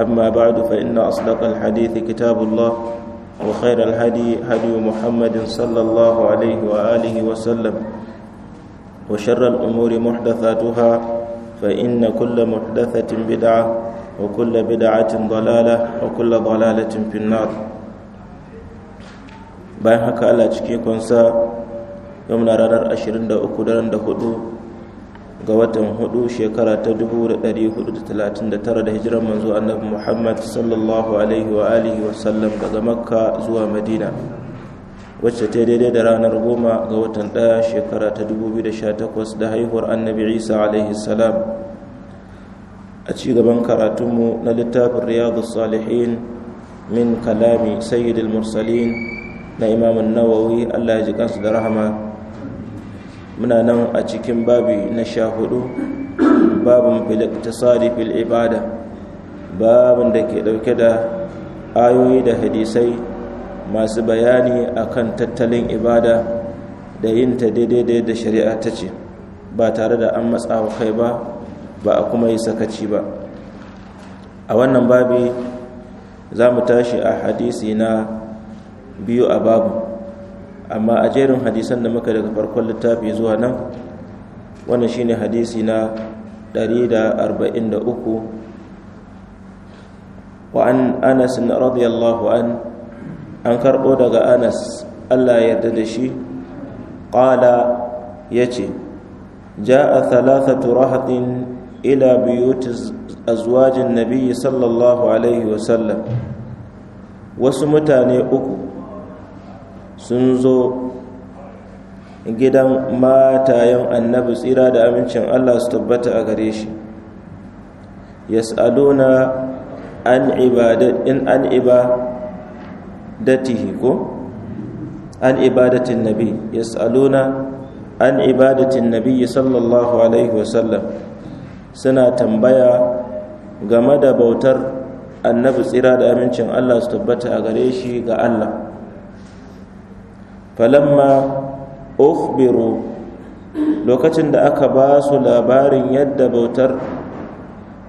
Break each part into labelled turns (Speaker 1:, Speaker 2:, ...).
Speaker 1: أما بعد فإن أصدق الحديث كتاب الله وخير الهدي هدي محمد صلى الله عليه وآله وسلم وشر الأمور محدثاتها فإن كل محدثة بدعة وكل بدعة ضلالة وكل ضلالة في النار bayan haka Allah cikin kunsa yau na ranar 23 daren da hudu ga watan hudu shekara ta 1439 da hijirar manzo annabi Muhammad sallallahu alaihi wa alihi wa sallam daga Makka zuwa Madina wacce ta daidai da ranar goma ga watan ɗaya shekara ta 2018 da haihuwar annabi Isa alaihi salam a ci karatunmu na littafin riyadu salihin min kalami sayyidil mursalin na imamun nawawi Allah ya ji kansu da rahama muna nan a cikin babi na sha hudu babin filiktasari fil ibada babin da ke dauke da ayoyi da hadisai masu bayani a kan tattalin ibada da yin ta daidai da shari'a ta ce ba tare da an matsawa kai ba ba a kuma yi sakaci ba a wannan babi za mu tashi a hadisi na biyu a babu amma a jerin hadisan da muka daga farkon littafi zuwa nan wannan shine hadisi na 143 wa an anas radiyallahu an an karɓo daga anas allah ya yarda da shi ƙala ya ce ja'a thalathatu rahatin ila biyuti azwajin nabiyyi sallallahu alaihi sallam. wasu mutane uku sun zo gidan matayen annabi tsira da amincin Allah su tabbata a gare shi yas'aluna an ibadatin an ibadatihi ko an ibadatin nabi yas'aluna an ibadatin nabi sallallahu alaihi wasallam suna tambaya game da bautar annabi tsira da amincin Allah su tabbata a gare shi ga Allah falamma ukhbiru lokacin da aka ba su labarin yadda bautar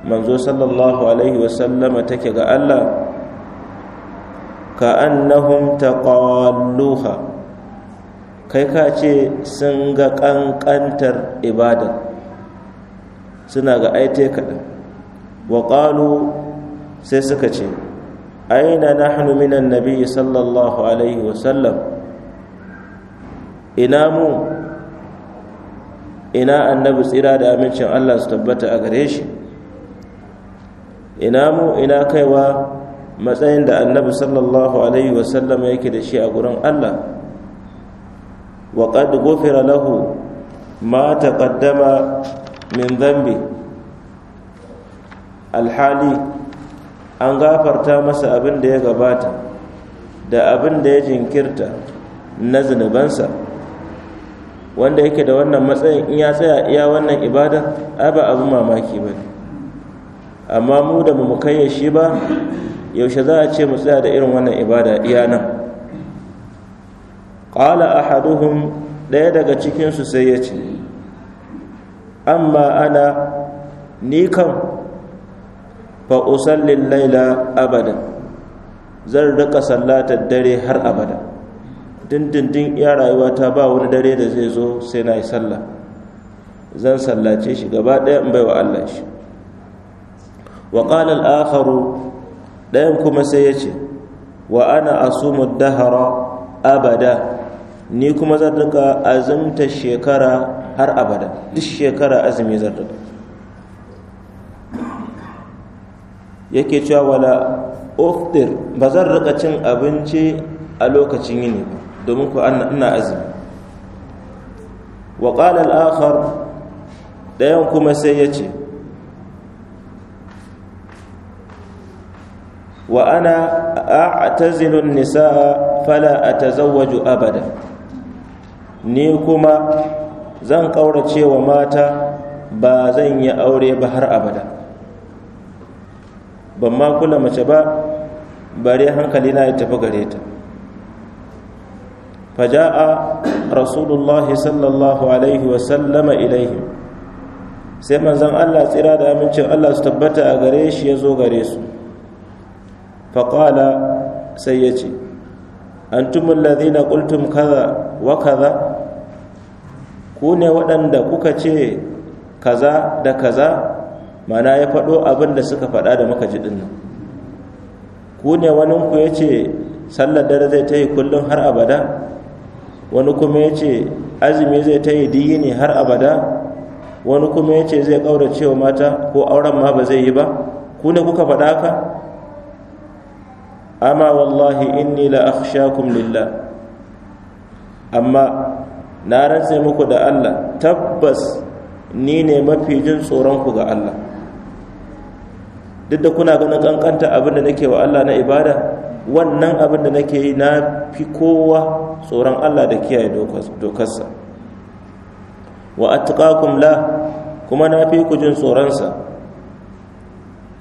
Speaker 1: manzo sallallahu alaihi wasallama take ga Allah ka annahum taqalluha kai ka ce sun ga kankantar ibadar, suna ga aite kaɗan wa qalu sai suka ce aina nahnu minan nabiyyi sallallahu alaihi wasallam ina mu ina annabi tsira da amincin allah su tabbata a gare shi ina mu ina kaiwa matsayin da annabi sallallahu alaihi wasallama yake da shi a gurin allah wa qad ghufira lahu ma taqaddama min dhanbi alhali an gafarta masa abin da ya gabata da abin da ya jinkirta na zunubansa wanda yake da wannan matsayin in ya tsaya iya wannan ibada ai ba abu mamaki ba ne. amma mu da mu shi ba yaushe za a ce mu tsaya da irin wannan ibada iya nan qala ahaduhum ɗaya daga cikinsu sai ya ce amma ana ni kan fa laila abadan zan rika sallatar dare har abada dindindin ya rayuwa ta ba wani dare da zai zo sai na yi sallah zan sallace shi gaba ɗaya in baiwa Allah shi wa qala al-akharu ɗayan kuma sai ya ce wa ana asumu dahara abada ni kuma zan rika azumta shekara har abada duk shekara azumi zan duka yake cewa wala uftir ba zan rika cin abinci a lokacin yini ba domin ku ina azumi wa qala al-akhar dayan kuma sai ya ce wa ana a'tazilu an-nisaa fala atazawwaju abada ni kuma zan kaurace wa mata ba zan yi aure ba har abada ban ma kula mace ba bare hankali na ya tafi gare ta فجاء رسول الله صلى الله عليه وسلم إليهم sai manzon Allah tsira da amincin Allah su tabbata a gare shi ya zo gare su faƙala sai ya ce antumul ladhina qultum kaza wa kaza ku ne waɗanda kuka ce kaza da kaza mana ya faɗo abin da suka faɗa da muka ji dinnan ku ne wani ku ya ce sallar dare zai ta yi kullum har abada wani kuma ya ce azumi zai ta yi diyini har abada wani kuma ya ce zai ƙaurace cewa mata ko auren ma ba zai yi ba ku ne kuka faɗa ka amma wallahi inni la akhshakum lillah amma na rantse muku da Allah tabbas ni ne mafi jin tsoron ku ga Allah duk da kuna ganin kankanta abinda da nake wa Allah na ibada wannan abin da nake yi na fi kowa tsoron Allah da kiyaye dokarsa wa atqakum la kuma na fi ku jin tsoronsa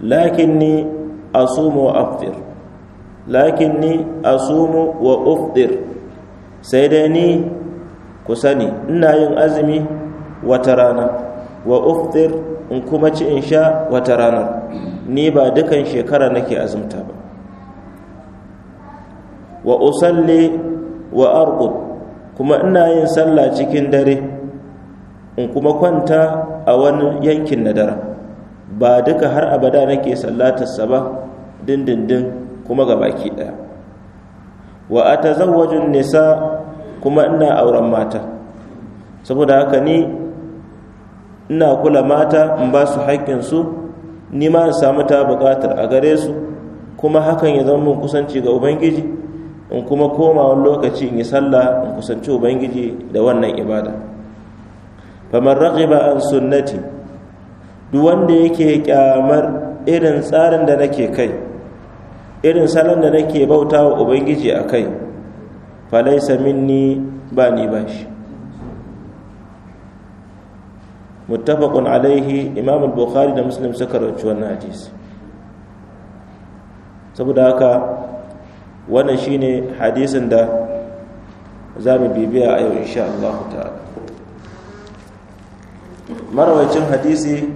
Speaker 1: lakinni asumu wa aftir lakinni asumu wa uftir sai dai ni ku sani ina yin azumi wata rana wa uftir in kuma ci in sha wata ranar ni ba dukan shekara nake azumta ba wa usalli wa arqud kuma ina yin sallah cikin dare in kuma kwanta a wani yankin na dare ba duka har abada nake sallatarsa ba dindindin kuma ga baki ɗaya wa atazawwaju nisa kuma ina auren mata saboda haka ni ina kula mata in ba su haƙƙinsu ni ma in samu ta buƙatar a gare su kuma hakan ya zama mun kusanci ga ubangiji in kuma komawa lokaci in yi sallah in kusanci ubangiji da wannan ibada raƙi ba an sunnati duk wanda yake kyamar irin tsarin da nake kai irin salon da nake bauta wa ubangiji a kai falaisa minni ba ni ba shi muttafaqun alaihi imam al-bukhari da muslim suka rawaci wannan hadisi saboda haka wannan shine hadisin da za mu bibiya a yau insha Allah ta'ala marawacin hadisi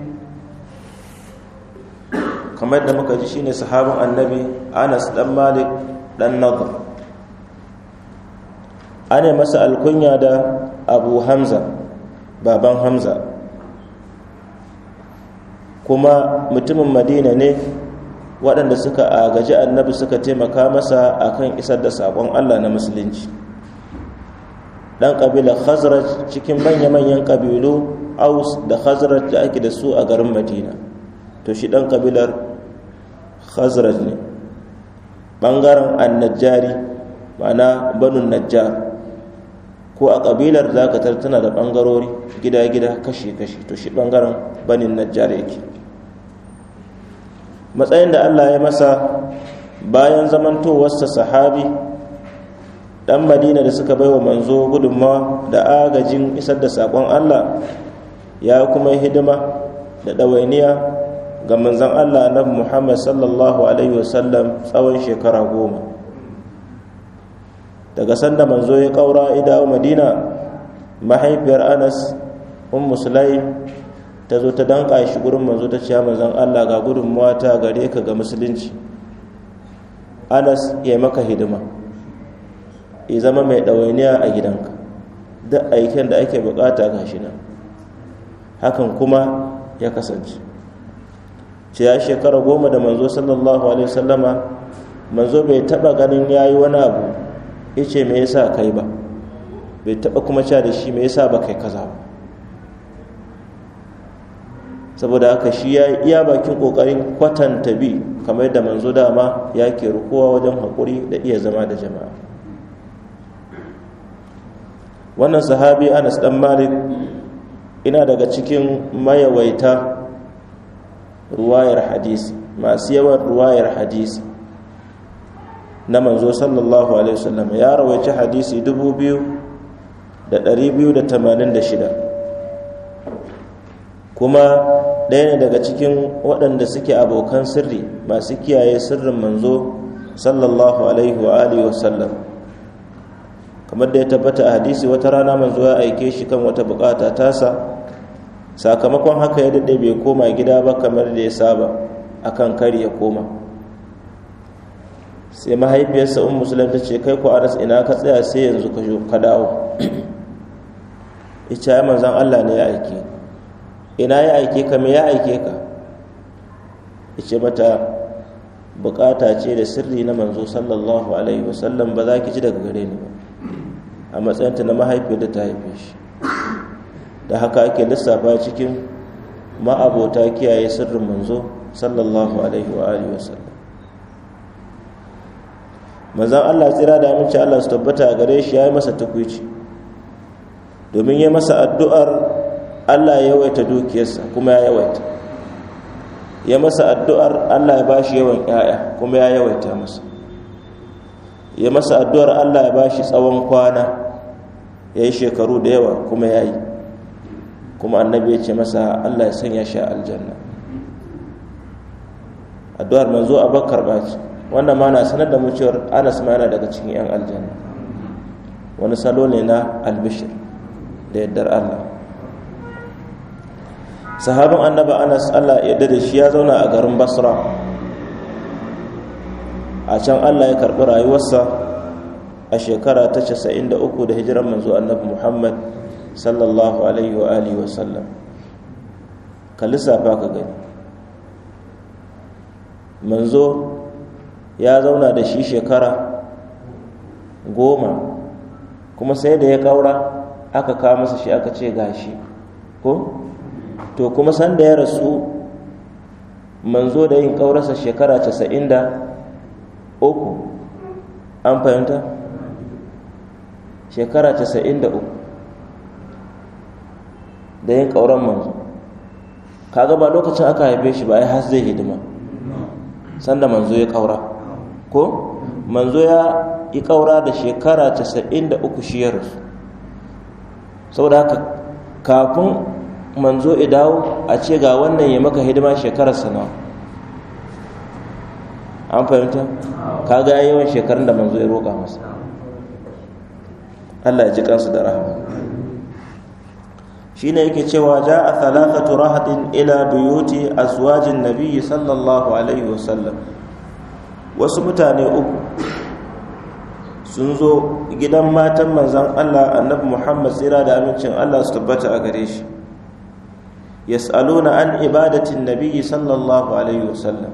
Speaker 1: kamar da muka ji shine sahabin annabi Anas dan Malik dan Nadr ana masa alkunya da Abu Hamza baban Hamza kuma mutumin Madina ne waɗanda suka agaji annabi suka taimaka masa akan isar da saƙon allah na musulunci ɗan ƙabilar khazraj cikin manya-manyan ƙabilu aus da khazraj da ake da su a garin madina to shi ɗan ƙabilar khazraj ne ɓangaren annajjari ma'ana banun najjar ko a ƙabilar za tana da ɓangarori gida-gida kashe-kashe to shi ɓangaren banin najjar yake matsayin da allah ya masa bayan zamantowarsa sahabi dan madina da suka baiwa manzo gudunmawa da agajin isar da sakon allah ya kuma hidima da ɗawainiya ga manzan allah na muhammad sallallahu alaihi wasallam tsawon shekara goma daga sanda manzo ya ƙaura idawo madina mahaifiyar anas ummu sulaim ta zo ta danka shi gurin manzo ta ciya manzon Allah ga gudun ta gare ka ga musulunci Anas ya maka hidima ya zama mai ɗawainiya a gidanka duk aikin da ake bukata ga shi nan hakan kuma ya kasance ya shekara goma da manzo sallallahu alaihi wasallama manzo bai taba ganin yayi wani abu yace me yasa kai ba bai taba kuma cewa da shi me yasa ba kai kaza ba saboda haka shi ya iya bakin kokarin kwatanta bi kamar da manzo dama ya ke rukuwa wajen haƙuri da iya zama da jama'a wannan sahabi anas dan malik ina daga cikin mayawaita ruwayar hadisi masu yawan ruwayar hadisi na manzo sallallahu alaihi wasallam ya rawaici hadisi 2286 kuma ɗaya ne daga cikin waɗanda suke abokan sirri masu kiyaye sirrin manzo sallallahu alaihi wa alihi wa sallam kamar da ya tabbata a hadisi wata rana manzo ya aike shi kan wata bukata tasa sakamakon haka ya daɗe bai koma gida ba kamar da ya saba akan kari ya koma sai mahaifiyarsa un musulun ta ce kai ku aras ina ka tsaya sai yanzu ka dawo ita ya manzan allah ne ya aike ina ya aike ka me ya aike ka ce mata bukata ce da sirri na manzo sallallahu alaihi wasallam ba za ki ji daga gare ni ba a matsayinta na mahaifiyar da ta haife shi da haka ake lissafa cikin ma'abota kiyaye sirrin manzo sallallahu alaihi wa alihi wasallam manzan Allah tsira da aminci Allah su tabbata a gare shi ya yi masa tukwici domin ya masa addu'ar Allah ya yawaita dukiyarsa kuma ya yawaita ya masa addu'ar Allah ya bashi yawan ƴaƴa kuma ya yawaita masa ya masa addu'ar Allah ya bashi tsawon kwana ya yi shekaru da yawa kuma ya yi kuma annabi ya ce masa Allah ya sanya shi a aljanna addu'ar manzo abakar ce wannan ma na sanar da mu cewar anas ma yana daga cikin 'yan aljanna wani salo ne na albishir da yardar Allah sahabin annaba anas allah ya da shi ya zauna a garin basra a can allah ya karɓi rayuwarsa a shekara ta 93 da uku hijiran manzo annabi muhammad sallallahu alaihi wa alihi wasallam ka lissafa ka gani manzo ya zauna da shi shekara goma kuma sai da ya kaura aka kawo masa shi aka ce gashi ko to kuma sanda ya rasu manzo da yin ƙaurarsa shekara casa'in da uku an fahimta shekara casa'in da uku da yin kauran manzo kaga ba lokacin aka haife shi ba ya har zai hidima sanda manzo ya ƙaura ko manzo ya yi ƙaura da shekara casa'in da uku shi ya rasu saboda haka kafin manzo idawo a ce ga wannan ya maka hidima shekarar sana an fahimta ka ga yawan shekarun da manzo ya roƙa masa Allah ya ji kansu da rahama shine yake cewa ja a thalathatu rahatin ila buyuti azwajin nabiyyi sallallahu alaihi wasallam wasu mutane uku sun zo gidan matan manzan Allah annabi Muhammad tsira da amincin Allah su tabbata a gare shi yas'aluna an ibadati nabiyyi sallallahu alaihi wasallam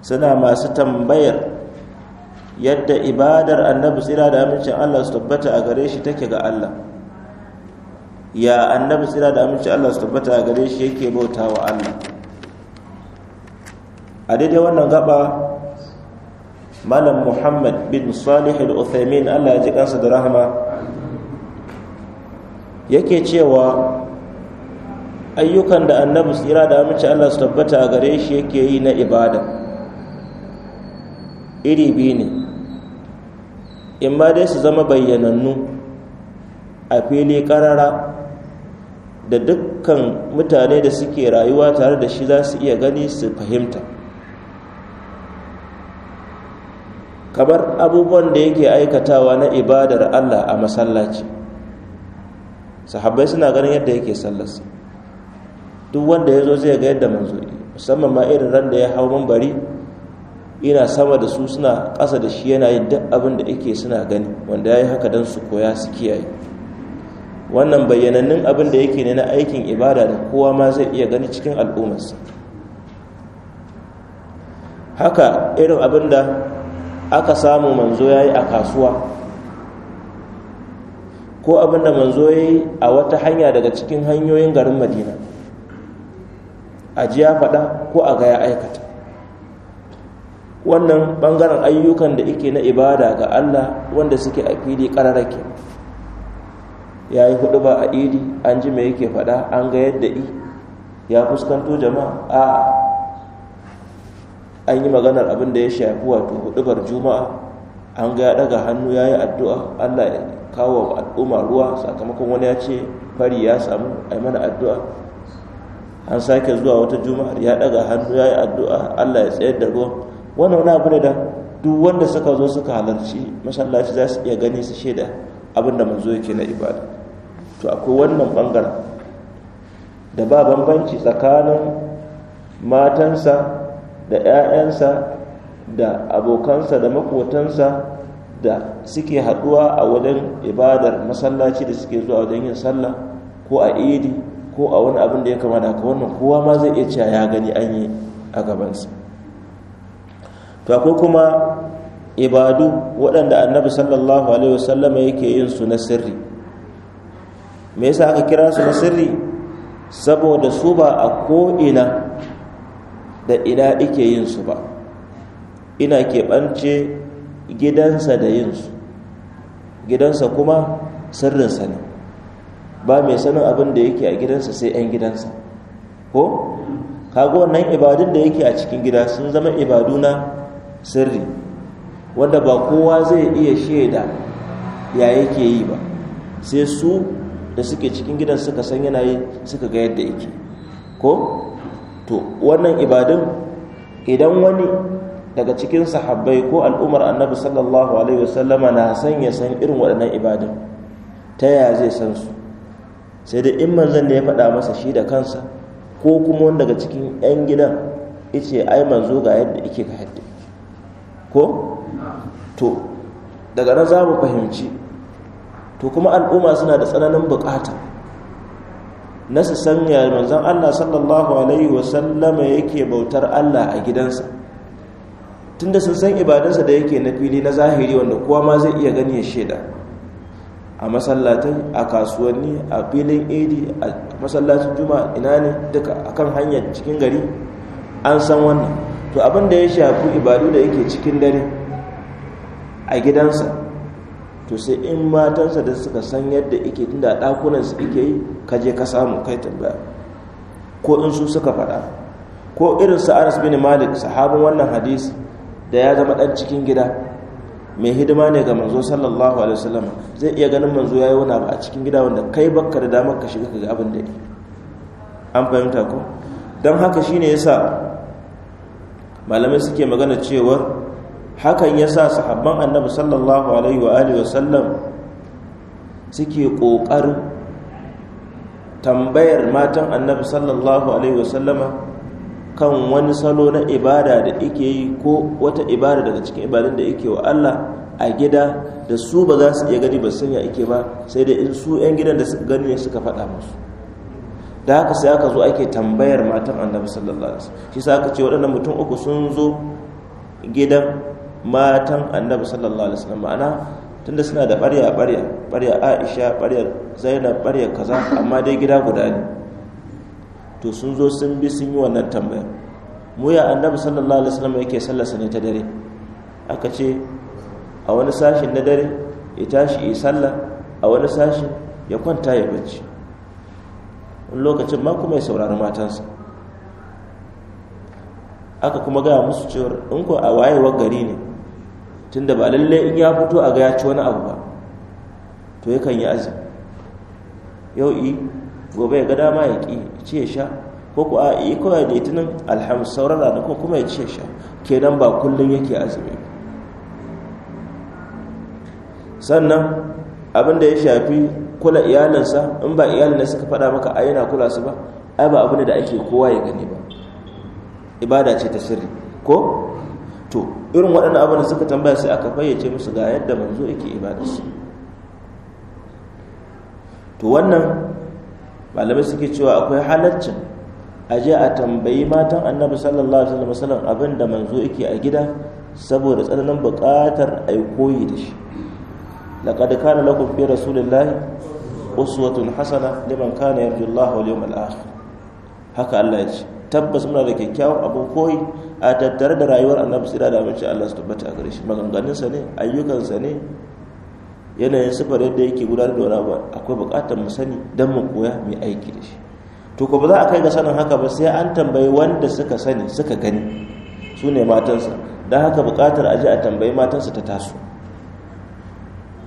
Speaker 1: suna masu tambayar yadda ibadar annabi tsira da amincin Allah su tabbata a gare shi take ga Allah ya annabi tsira da amincin Allah su tabbata a gare shi yake bauta wa Allah a daidai wannan gaba malam muhammad bin salih al-uthaymin Allah ya ji kansa da rahama yake cewa ayyukan da annabi tsira da amince Allah su tabbata a gare shi yake yi na ibada iri biyu ne in ma dai su zama bayyanannu a fili karara da dukkan mutane da suke rayuwa tare da shi za su iya gani su fahimta kamar abubuwan da yake aikatawa na ibadar Allah a masallaci sahabbai suna ganin yadda yake sallarsa duk wanda ya zo zai ga yadda manzo musamman ma irin ran da ya hau mambari ina sama da su suna ƙasa da shi yana yin duk abin da yake suna gani wanda ya yi haka don su koya su kiyaye wannan bayyanannun abin da yake ne na aikin ibada da kowa ma zai iya gani cikin al'ummarsa haka irin abin da aka samu manzo ya yi a kasuwa ko abin da manzo ya yi a wata hanya daga cikin hanyoyin garin madina a ji faɗa ko a ga ya aikata wannan ɓangaren ayyukan da ike na ibada ga allah wanda suke a fili ƙararrake ya yi hudu ba a idi an ji mai yake faɗa an ga yadda i ya fuskanto jama'a a an yi maganar abinda ya shafi wato hudubar juma'a an ga ya daga hannu ya yi addu'a allah ya kawo al'umma ruwa sakamakon wani ya ce fari ya samu a mana addu'a an sake zuwa wata juma'ar ya daga hannu ya yi addu'a allah ya tsayar da ruwan wannan wani abu ne da duk wanda suka zo suka halarci masallaci za su iya gani su shaida abin da manzo yake na ibada to akwai wannan bangaren da ba bambanci tsakanin matansa da 'ya'yansa da abokansa da makotansa da suke haduwa a wajen ibadar masallaci da suke zuwa wajen yin sallah ko a idi ko a wani abin da ya kama da wannan kowa ma zai iya cewa ya gani an yi a gabansa to akwai kuma ibadu waɗanda annabi sallallahu alaihi wasallam yake yin su na sirri me yasa aka kira su na sirri saboda su ba a ko'ina da ina ike yin su ba ina keɓance gidansa da yin su gidansa kuma sirrinsa ne ba mai sanin abin da yake a gidansa sai 'yan gidansa ko kaga wannan ibadun da yake a cikin gida sun zama ibadu na sirri wanda ba kowa zai iya shaida ya yake yi ba sai su da suke cikin gidan suka san yana yi suka ga yadda yake ko to wannan ibadun idan wani daga cikin sahabbai ko al'umar annabi sallallahu alaihi wasallama na san ya san irin waɗannan ibadun ta yaya zai san su sai da in manzon ne ya faɗa masa shi da kansa ko kuma wanda daga cikin 'yan gidan ice ai manzo ga yadda ike ka haddi ko to daga nan za mu fahimci to kuma al'umma suna da tsananin bukata na su sanya manzan Allah sallallahu alaihi wasallama yake bautar Allah a gidansa tunda sun san ibadansa da yake na fili na zahiri wanda kowa ma zai iya gani ya shaida a masallatai a kasuwanni a filin idi a masallacin juma'a ina ne duka akan hanyar cikin gari an san wannan to abin ya shafi ibadu da yake cikin dare a gidansa to sai in matansa da suka san yadda ike tunda da su ike yi ka je ka samu kai tambaya ko in su suka faɗa ko irin su Anas bin Malik sahabin wannan hadis da ya zama ɗan cikin gida mai hidima ne ga manzo sallallahu alaihi wasallam zai iya ganin manzo yayi wani abu a cikin gida wanda kai bakka da damar ka shiga kaga ga abin da yake an fahimta ko dan haka shine yasa malamai suke magana cewar hakan yasa sahabban annabi sallallahu alaihi wa alihi wasallam suke kokarin tambayar matan annabi sallallahu alaihi wasallama kan wani salo na ibada da ike yi ko wata ibada daga cikin ibadun da ike wa Allah a gida da su ba za su iya gani ba sanya ike ba sai da in su 'yan gidan da suka gani ne suka faɗa musu da haka sai aka zo ake tambayar matan annabi sallallahu alaihi shi sa aka ce waɗannan mutum uku sun zo gidan matan annabi sallallahu alaihi wasallam ma'ana tunda suna da ɓarya ɓarya ɓarya Aisha ɓarya Zainab ɓarya kaza amma dai gida guda ne to sun zo sun bi sun yi wannan tambayar mu ya annabi sallallahu alaihi wasallam yake sallarsa ne ta dare aka ce a wani sashi na dare ya tashi ya sallah a wani sashi ya kwanta ya bacci wani lokacin ma kuma ya saurari matansa aka kuma gaya musu cewar in ko a wayewar gari ne tunda ba lalle in ya fito a ga ya ci wani abu ba to yakan yi azumi yau i gobe ya ga dama ya ƙi ci ya sha ko ku a yi kawai itinin alhamis sauran ranakun kuma ya ci ya sha nan ba kullum yake azumi sannan abinda ya shafi kula iyalinsa in ba iyalin da suka faɗa maka a yana kula su ba ai ba abin da ake kowa ya gani ba ibada ce ta sirri ko to irin waɗannan abin da suka tambaya sai aka fayyace musu ga yadda manzo yake ibada su to wannan malamai suke cewa akwai halaccin a je a tambayi matan annabi sallallahu alaihi wasallam abin manzo yake a gida saboda tsananin buƙatar yi koyi da shi laqad kana lakum fi rasulillahi uswatun hasana liman kana yarju Allah wal yawmal akhir haka Allah ya ce tabbas muna da kyakkyawan abin koyi a tattare da rayuwar annabi sira da mace Allah su tabbata a gare shi maganganunsa ne ayyukansa ne yanayin sifar yadda yake gudanar da wani akwai bukatar mu sani don mu koya mai aiki da shi to ko ba za a kai ga sanin haka ba sai an tambayi wanda suka sani suka gani su ne matansa don haka a aji a tambayi matansa ta taso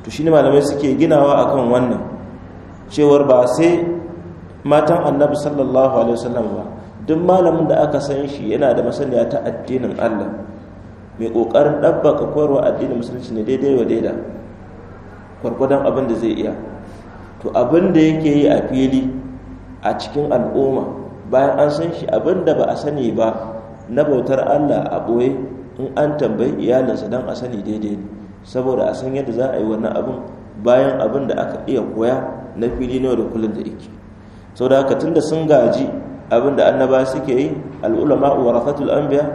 Speaker 1: to shi ne malamai suke ginawa akan wannan cewar ba sai matan annabi sallallahu alaihi wasallam ba duk malamin da aka san shi yana da masaniya ta addinin Allah mai kokarin ɗabbaka koyarwa addinin musulunci ne daidai wa daida gwargwadon abin da zai iya to abin da yake yi a fili a cikin al'umma bayan an san shi abin da ba a sani ba na bautar allah a ɓoye in an tambayi iyalinsa don a sani daidai ne saboda a san yadda za a yi wannan abin bayan abin da aka iya koya na fili ne da kullum da yake sau da haka tunda sun gaji abin da annaba suke yi al'ulama warafatul anbiya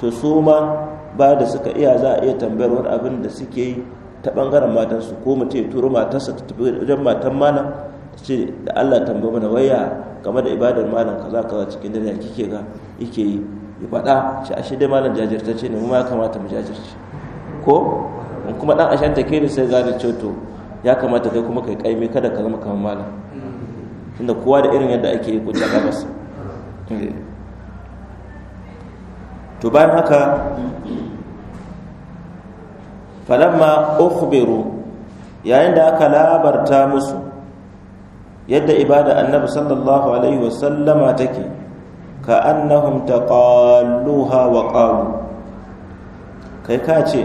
Speaker 1: to su ma ba da suka iya za a iya tambayar wani abin da suke yi ta bangaren matansu ko mutum turu turo matarsa ta tafi wajen matan malam ta ce da Allah tambo mana waya game da ibadar malam kaza kaza cikin dare kike ga yake yi ya faɗa shi ashe dai malam ce ne mu ma ya kamata mu jajirce ko in kuma dan ashan take ne sai gane ce to ya kamata kai kuma kai kaime kada ka zama kamar malam tunda kowa da irin yadda ake yi ko ta gabas eh. to bayan haka falamma ukhbiru yayin da aka labarta musu yadda ibada annabi sallallahu alaihi wasallama take ka annahum taqalluha wa qalu kai ka ce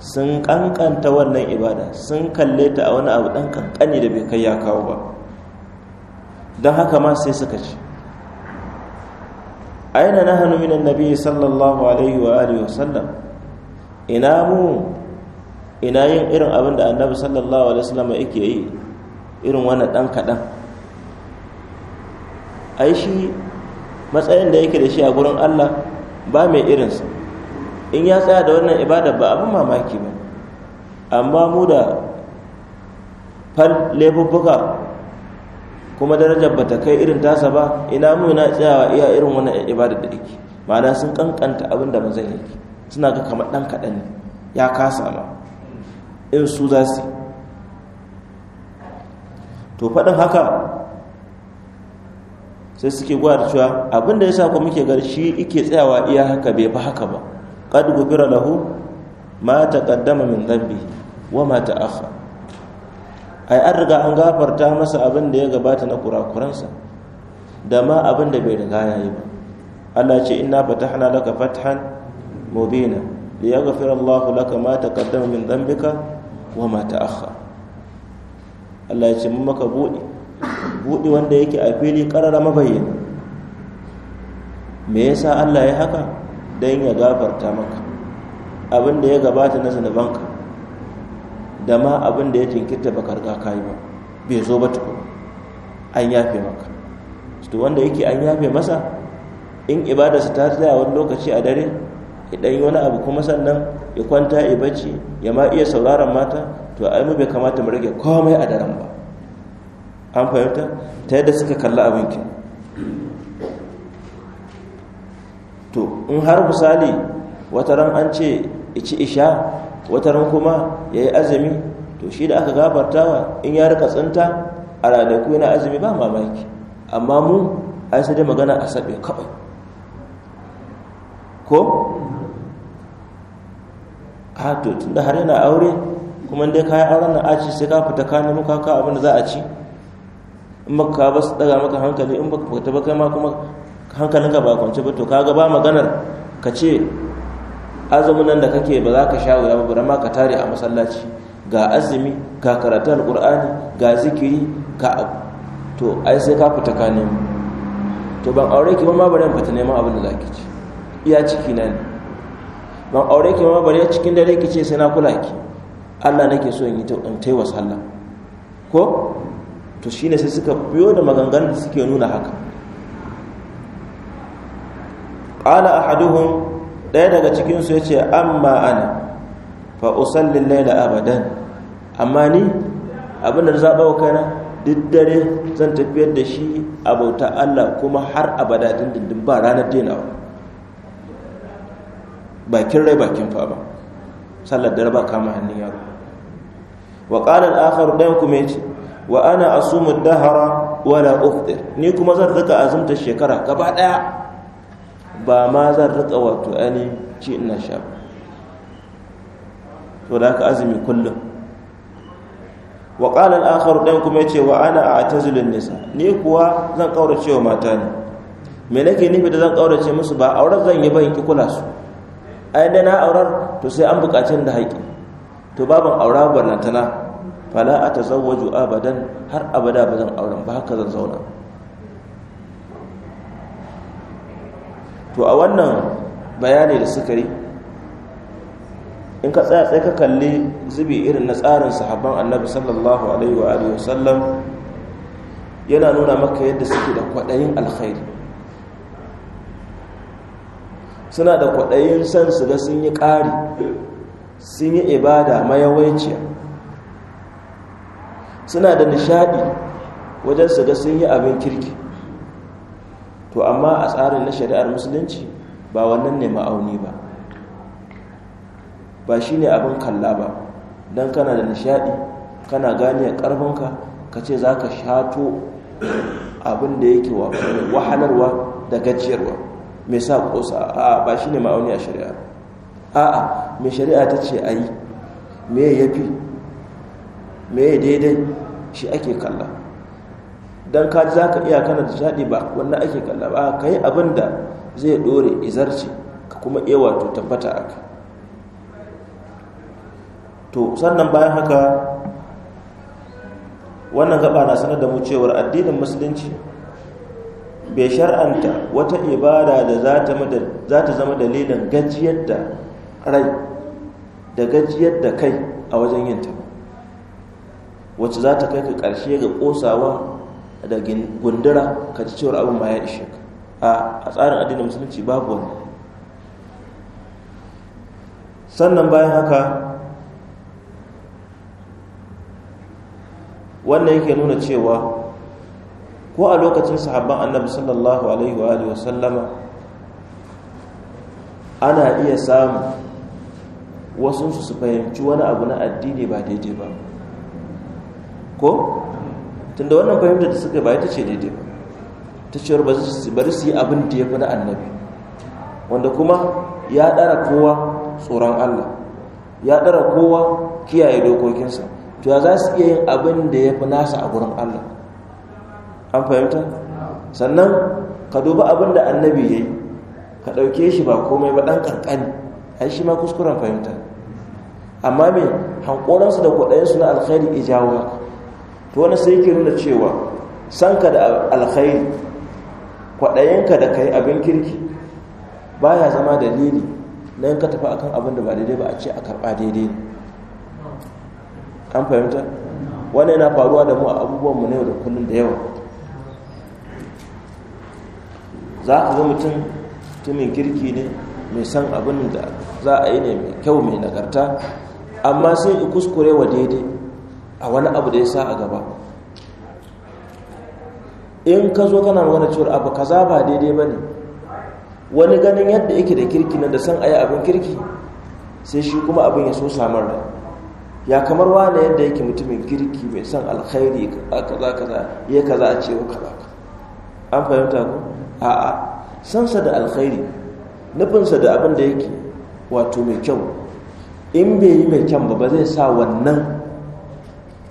Speaker 1: sun kankanta wannan ibada sun kalle ta a wani abu dan kankani da bai kai ya kawo ba don haka ma sai suka ce aina nahanu minan nabi sallallahu alaihi wa alihi wa ina mu ina yin irin abin da annabi sallallahu alaihi wasallam yake yi irin wani dan kadan ai shi matsayin da yake da shi a gurin Allah ba mai irinsa in ya tsaya da wannan ibada ba abin mamaki ba amma mu da fal laifuffuka kuma darajar bata kai irin tasa ba ina mu na tsayawa iya irin wannan ibada da yake ma'ana sun kankanta abin da manzon yake suna ga kamar ɗan kaɗan ne ya kasa ma in su za su to faɗin haka sai suke gwada cewa abinda ya sa ku muke gari shi ike tsayawa iya haka bai fi haka ba qad gufira lahu ma ƙaddama min zambi wa ma ai an riga an gafarta masa abinda ya gabata na kurakuransa da ma abin bai riga ya yi ba Allah ce inna fatahna laka fathan مدينا ليغفر الله لك ما تقدم من ذنبك وما تأخر الله يجي maka buɗi buɗi wanda yake a fili ƙarara mabayyana me yasa Allah ya haka don ya gafarta maka abin da ya gabata na zunubanka da ma abin da ya jinkirta ba kayi ba bai zo ba tuku. an yafe maka to wanda yake an yafe masa in ibadarsa ta tsaya wani lokaci a dare ya dan wani abu kuma sannan ya kwanta ya bacci ya ma iya sauraron mata to a mu bai kamata mu rage komai a daren ba an fahimta ta yadda suka kalla abin ki to in har misali wata ran an ce ici isha wata ran kuma ya yi azumi to shi da aka gabartawa in ya rika tsinta a ranaku yana azumi ba mamaki amma mu ai sai dai magana a sabe kawai ko Hato tun tunda har yana aure kuma dai kayan auren na aci sai ka fita ka muka ka abin da za a ci in baka ka ba su daga maka hankali in baka fita ba kai ma kuma ka ba kwance ba to ka ba maganar ka ce azumin nan da kake ba za ka sha wuya ba bara ma ka tare a masallaci ga azumi ga karatu alqur'ani ga zikiri ka to ai sai ka fita ka to ban aure ki ba ma bari in fita neman abin da zaki ci iya ciki na ne ban aure ki ma bari cikin dare ki ce sai na kula ki Allah nake so in yi in taiwa sallah ko to shine sai suka biyo da maganganu da suke nuna haka qala ahaduhum daya daga cikin su yace amma ana fa usalli layla abadan amma ni abin da zaba wa kana duk dare zan tafiyar da shi abauta Allah kuma har abada dindindin ba ranar dinawa bakin rai bakin fa ba, sallar da raba kama hannun yaro wa qala al-akhar dan kuma ce wa ana asumu dahara wala uftir ni kuma zan rika azumta shekara gaba ɗaya. ba ma zan rika wato ani ci ina sha to da haka azumi kullum wa qala al-akhar dan kuma ce, wa ana a'tazilu nisa ni kuwa zan ƙaurace wa mata ne me nake nufi da zan ƙaurace musu ba auren zan yi ban ki kula su a yadda na aurar to sai an buƙaci da haƙi to baban aura barnatana fala a ta zawaju abadan har abada ba zan auren ba haka zan zauna to a wannan bayani da suka yi in ka tsaya tsaye ka kalli zubi irin na tsarin sahabban annabi sallallahu alaihi wa alihi yana nuna maka yadda suke da kwaɗayin alkhairi suna da kwaɗayin san su ga sun yi ƙari sun yi ibada mayawaiciya suna da nishaɗi wajen su ga sun yi abin kirki to amma a tsarin na shari'ar musulunci ba wannan ne ma'auni ba ba shi ne abin kalla ba don kana da nishaɗi kana gane ƙarfinka ka ce za ka shato abin da yake wahalarwa da gajiyarwa mai sa kosa a ba shi ne ma'auni a shari'a a'a mai shari'a ta ce a yi me ya fi me ya daidai shi ake kalla don ka za ka iya kana da shaɗi ba wannan ake kalla ba ka yi abin da zai ɗore izarci ka kuma iya wato tabbata a to sannan bayan haka wannan gaba na sanar da mu cewar addinin musulunci bai shar'anta wata ibada da za ta zama dalilin gajiyar da rai da gajiyar da kai a wajen yin ta wacce za ta kai ka ƙarshe ga ƙosawa da gundura ka ci cewar abin ma ya ishe a tsarin addinin musulunci babu wani sannan bayan haka wannan yake nuna cewa ko a lokacin sahabban annabi sallallahu alaihi wa sallama ana iya samun wasu su fahimci wani abu na addini ba daidai ba ko tunda wannan fahimtar da suka ba ita ce daidai ba ta ce ba su bari su yi abin da ya fi na annabi wanda kuma ya ɗara kowa tsoron allah ya ɗara kowa kiyaye dokokinsa to ya za su iya yin abin da ya fi nasa a gurin allah an fahimta sannan ka duba abin da annabi ya yi ka ɗauke shi ba komai ba ɗan ƙanƙani ai shi ma kuskuren fahimta amma mai hankoransu da kwaɗayensu na alkhairi ya jawo haka to wani sai yake nuna cewa ka da alkhairi kwaɗayenka da yi abin kirki baya zama dalili na yanka tafi akan abin da ba daidai ba a ce a karɓa daidai ne an fahimta wani yana faruwa da mu a abubuwanmu na yau da kullum da yawa za a ga mutum mutumin kirki ne mai san abin da za a yi ne mai kyau mai nagarta amma sai ku kuskure wa daidai a wani abu da ya sa a gaba in ka zo kana magana cewar abu kaza ba daidai ba ne wani ganin yadda yake da kirki na da san a yi abin kirki sai shi kuma abin ya so samar da ya kamar wane yadda yake mutumin kirki mai san alkhairi ka za ya kaza a cewa kaza an fahimta ku a'a sansa da alkhairi nufinsa da abin da yake wato mai kyau in bai yi mai kyau ba ba zai sa wannan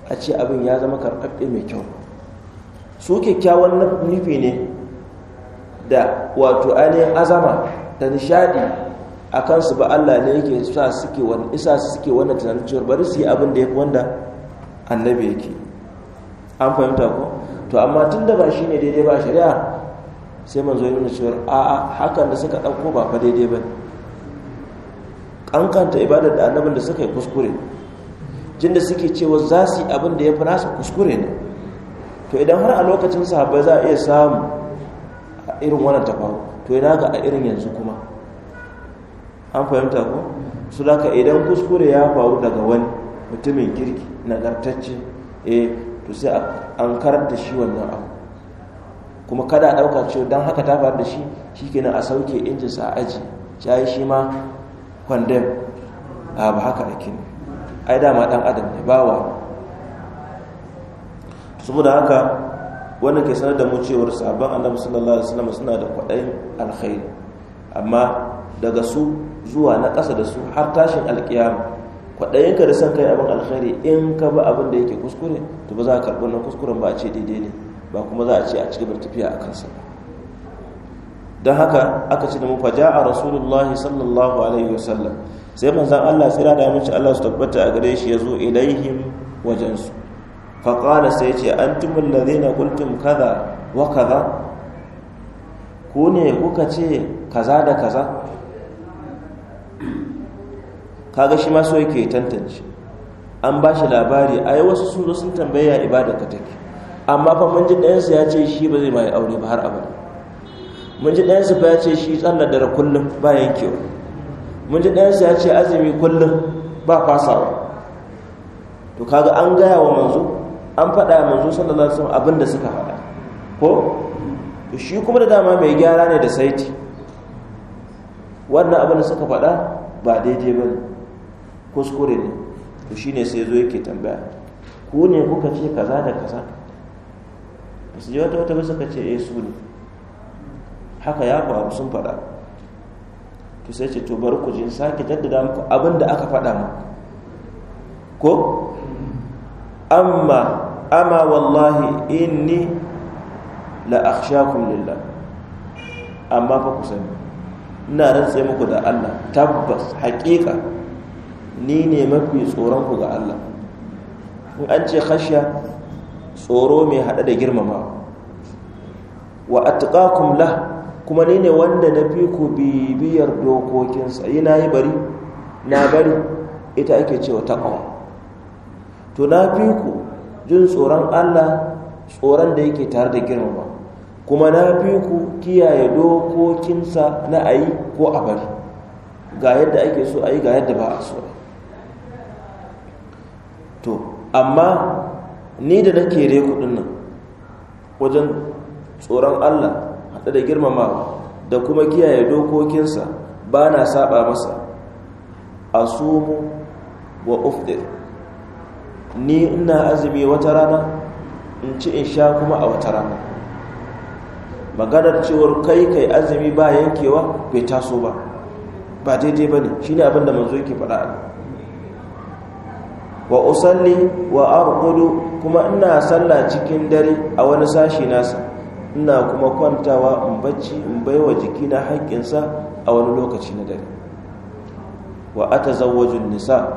Speaker 1: a ce abin ya zama karɓaɓɓe mai kyau su kyakkyawan nufi ne da wato ainihin azama da nishadi a kansu ba Allah ne yake sa suke wani isa suke wannan tunanciyar bari su yi abin da ya fi wanda annabi yake an fahimta ko to amma tun da ba shi ne daidai ba shari'a sai manzo ya nuna cewa a'a hakan da suka ɗauko ba fa daidai ba ne ƙanƙanta ibadar da annabin da suka yi kuskure jin da suke cewa za su yi abin da ya fi nasa kuskure ne to idan har a lokacin sahabbai za a iya samu a irin wannan ta to ya ga a irin yanzu kuma an fahimta ko su ka idan kuskure ya faru daga wani mutumin kirki nagartacce eh to sai an karanta shi wannan abu kuma kada a ɗauka cewa don haka ta faru da shi shi nan a sauke injinsa a aji ya yi shi ma kwandem a ba haka ake ne ai dama ɗan adam ne bawa saboda haka wannan ke sanar da mu cewar sabon annabi sallallahu alaihi wasallam suna da kwaɗayin alkhairi amma daga su zuwa na ƙasa da su har tashin kwaɗayin ka da san kai abin alkhairi in ka ba abin da yake kuskure to ba za ka karɓi wannan kuskuren ba a ce daidai ne ba kuma za a ce a ci gaba tafiya a kansa ba don haka aka ce da mu ja a rasulullahi sallallahu alaihi wasallam sai manzan Allah tsira da mace Allah su tabbata a gare shi ya zo ilaihim wajensu faƙala sai ce an da lazina kultum kaza wa kaza ku ne kuka ce kaza da kaza kaga shi ma so yake tantance an ba shi labari A yi wasu sun sun tambaya ibada ka take amma fa mun ji ɗayansu ya ce shi ba zai mai aure ba har abada mun ji ɗayansu ba ya ce shi tsallar dare kullum ba yankewa mun ji ɗayansu ya ce azumi kullum ba fasawa to kaga an gaya wa manzo an faɗa wa manzo sallallahu alaihi wasallam abinda suka faɗa ko shi kuma da dama mai gyara ne da saiti wannan abin da suka faɗa ba daidai ba kuskure ne to shine sai zo yake tambaya ku ne kuka ce kaza da kaza su je wata wata bisa ka ce eh su ne haka ya faru sun faɗa to sai ce to bari ku jin sake jaddada muku abin da aka faɗa mu ko amma amma wallahi inni la akhshakum lillah amma fa ku sani ina rantse muku da Allah tabbas haƙiƙa ni ne mafi tsoron ku ga Allah in an ce khashya tsoro mai hada da girmama wa atqakum lah kuma ni ne wanda na fi ku bibiyar dokokinsa yi na yi bari na bari ita ake cewa taqwa to na fi ku jin tsoron Allah tsoron da yake tare da girmama kuma na fi ku kiyaye dokokinsa na ayi ko a bari ga yadda ake so ayi ga yadda ba a so to amma ni da nake re kuɗin nan wajen tsoron Allah hada da Girmama, da kuma kiyaye dokokinsa ba na saba masa sumu wa ufdir ni ina azumi wata rana in ci in sha kuma a wata rana maganar cewar kai kai azumi ba yankewa bai taso ba ba daidai ba ne shi ne abinda manzo yake faɗa wa usalli wa arqudu kuma ina sallah cikin dare a wani sashi nasa ina kuma kwantawa in bacci in baiwa jikina haƙƙinsa a wani lokaci na dare wa atazawwaju nisa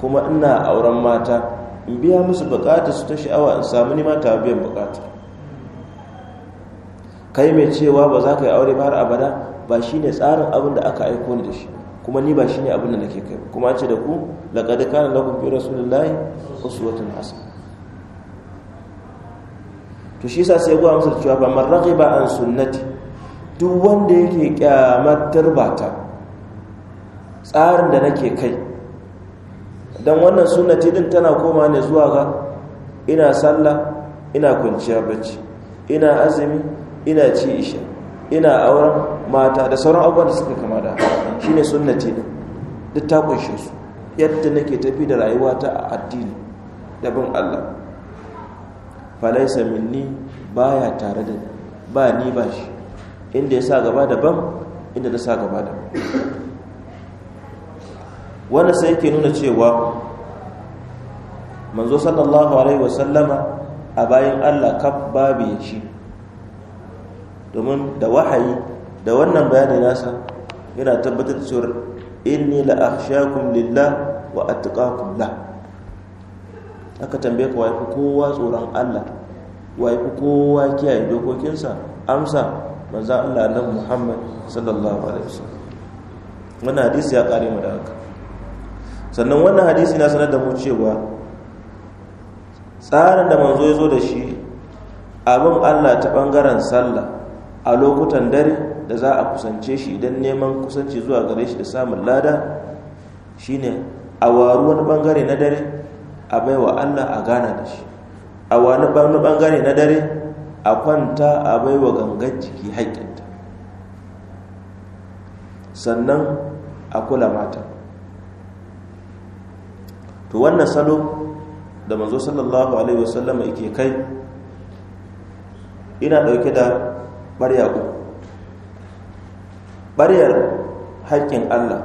Speaker 1: kuma ina auren mata in biya musu bukata su ta sha'awa in samu ni mata biyan bukata kai mai cewa ba za ka yi aure ba har abada ba shine tsarin abin da aka aiko ni da shi kuma ni ba shi abin da nake kai kuma ce da ku laqad kana lakum fi rasulillahi watan hasana to shi yasa sai guwa amsar cewa ba man ba an sunnati duk wanda yake ba ta tsarin da nake kai don wannan sunnati din tana koma ne zuwa ga ina sallah ina kwanciya bacci ina azumi ina ci isha ina auren mata da sauran abubuwan da suka kama da haka shine sunnati din duk ta kunshe su yadda nake tafi da rayuwata a addini da bin Allah falaisa minni baya tare da ba ni ba shi inda ya sa gaba daban inda na sa gaba daban wannan sai ke nuna cewa manzo sallallahu alaihi wasallama a bayan Allah kaf babu shi domin da wahayi da wannan bayanin nasa yana tabbatar da cewa inni la lillah wa atqakum la aka tambaye ka wai kowa tsoron Allah wai kowa kiyaye dokokinsa amsa manzo Allah nan Muhammad sallallahu alaihi wasallam wannan hadisi ya kare mu da haka sannan wannan hadisi na sanar da mu cewa tsarin da manzo ya zo da shi abin Allah ta bangaren sallah a lokutan dare da za a kusance shi idan neman kusanci zuwa gare shi da samun lada shine a waru wani bangare na dare a baiwa Allah a gana da shi a wani bangare na dare a kwanta a baiwa gangan jiki haƙƙinta sannan a kula mata to wannan salo da manzo sallallahu alaihi wasallama yake kai ina ɗauke da ɓarya uku Bariyar haƙƙin allah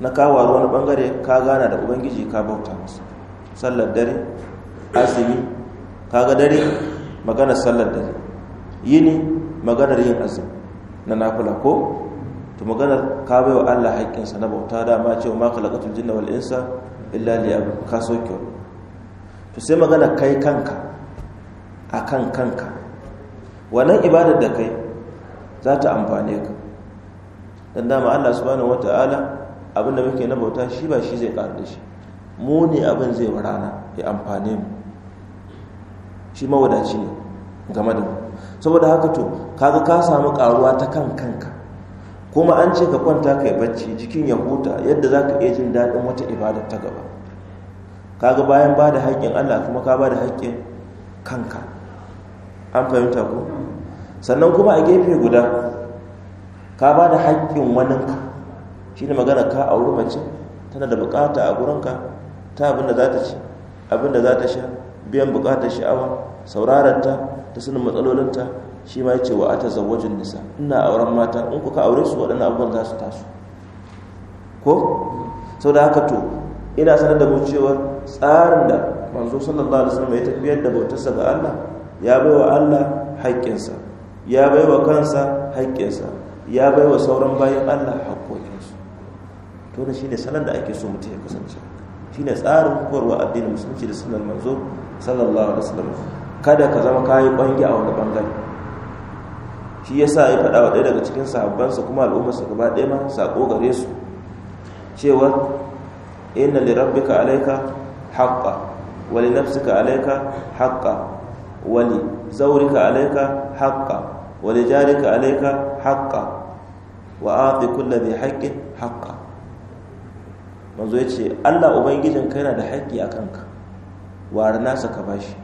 Speaker 1: na kawo wani ɓangare ka gana da ubangiji ka bauta masa sallar dare azumi kaga dare maganar sallar dare yini maganar yin azumi na nafula ko to maganar ka bai wa allah haƙƙinsa na bauta dama cewa maka lagatun jinna wal'insa illa liyabu ka soke to sai magana kai kanka akan kanka wannan ibadar da kai za ta amfane ka dan dama Allah subhanahu wataala abin da muke na bauta shi ba shi zai karɓe shi mu ne abin zai warana ya amfane mu shi mawadaci ne game da mu saboda haka to kaga ka samu karuwa ta kan kanka kuma an ce ka kwanta kai bacci jikin ya huta yadda za ka iya jin daɗin wata ibada ta gaba kaga bayan ba da haƙƙin Allah kuma ka ba da haƙƙin kanka an fahimta ko sannan kuma a gefe guda ka ba da haƙƙin waninka shi ne magana ka auri mace tana da bukata a gurinka ta abin da za ta ci abin da za ta sha biyan bukata sha'awa saurararta da sanin matsalolinta shi ma ce wa ata zawajin nisa ina auren mata in kuka aure su waɗannan abubuwan za su taso ko sau da haka to ina sanar da mu cewa tsarin da manzo sallallahu alaihi wasallam ya tafiyar da bautarsa ga Allah ya baiwa Allah haƙƙinsa ya baiwa kansa haƙƙinsa ya bai wa sauran bayan allah haƙoƙinsu to da shi ne salon da ake so mutum ya kasance shi ne tsarin koyarwa addinin musulunci da sunan manzo sallallahu alaihi wasallam kada ka zama kayi kwangi a wani bangare shi ya sa ya faɗa wa ɗaya daga cikin sahabbansa kuma al'ummarsa gaba ɗaya ma saƙo gare su cewa inna li rabbika alaika haqqa wa li nafsika alaika haqqa wa li zawrika alaika haqqa wa li jarika alaika haqqa wa a'ti kulli dhi haqqin haqqa manzo yace Allah ubangijin ka yana da haƙƙi a kanka war nasa ka bashi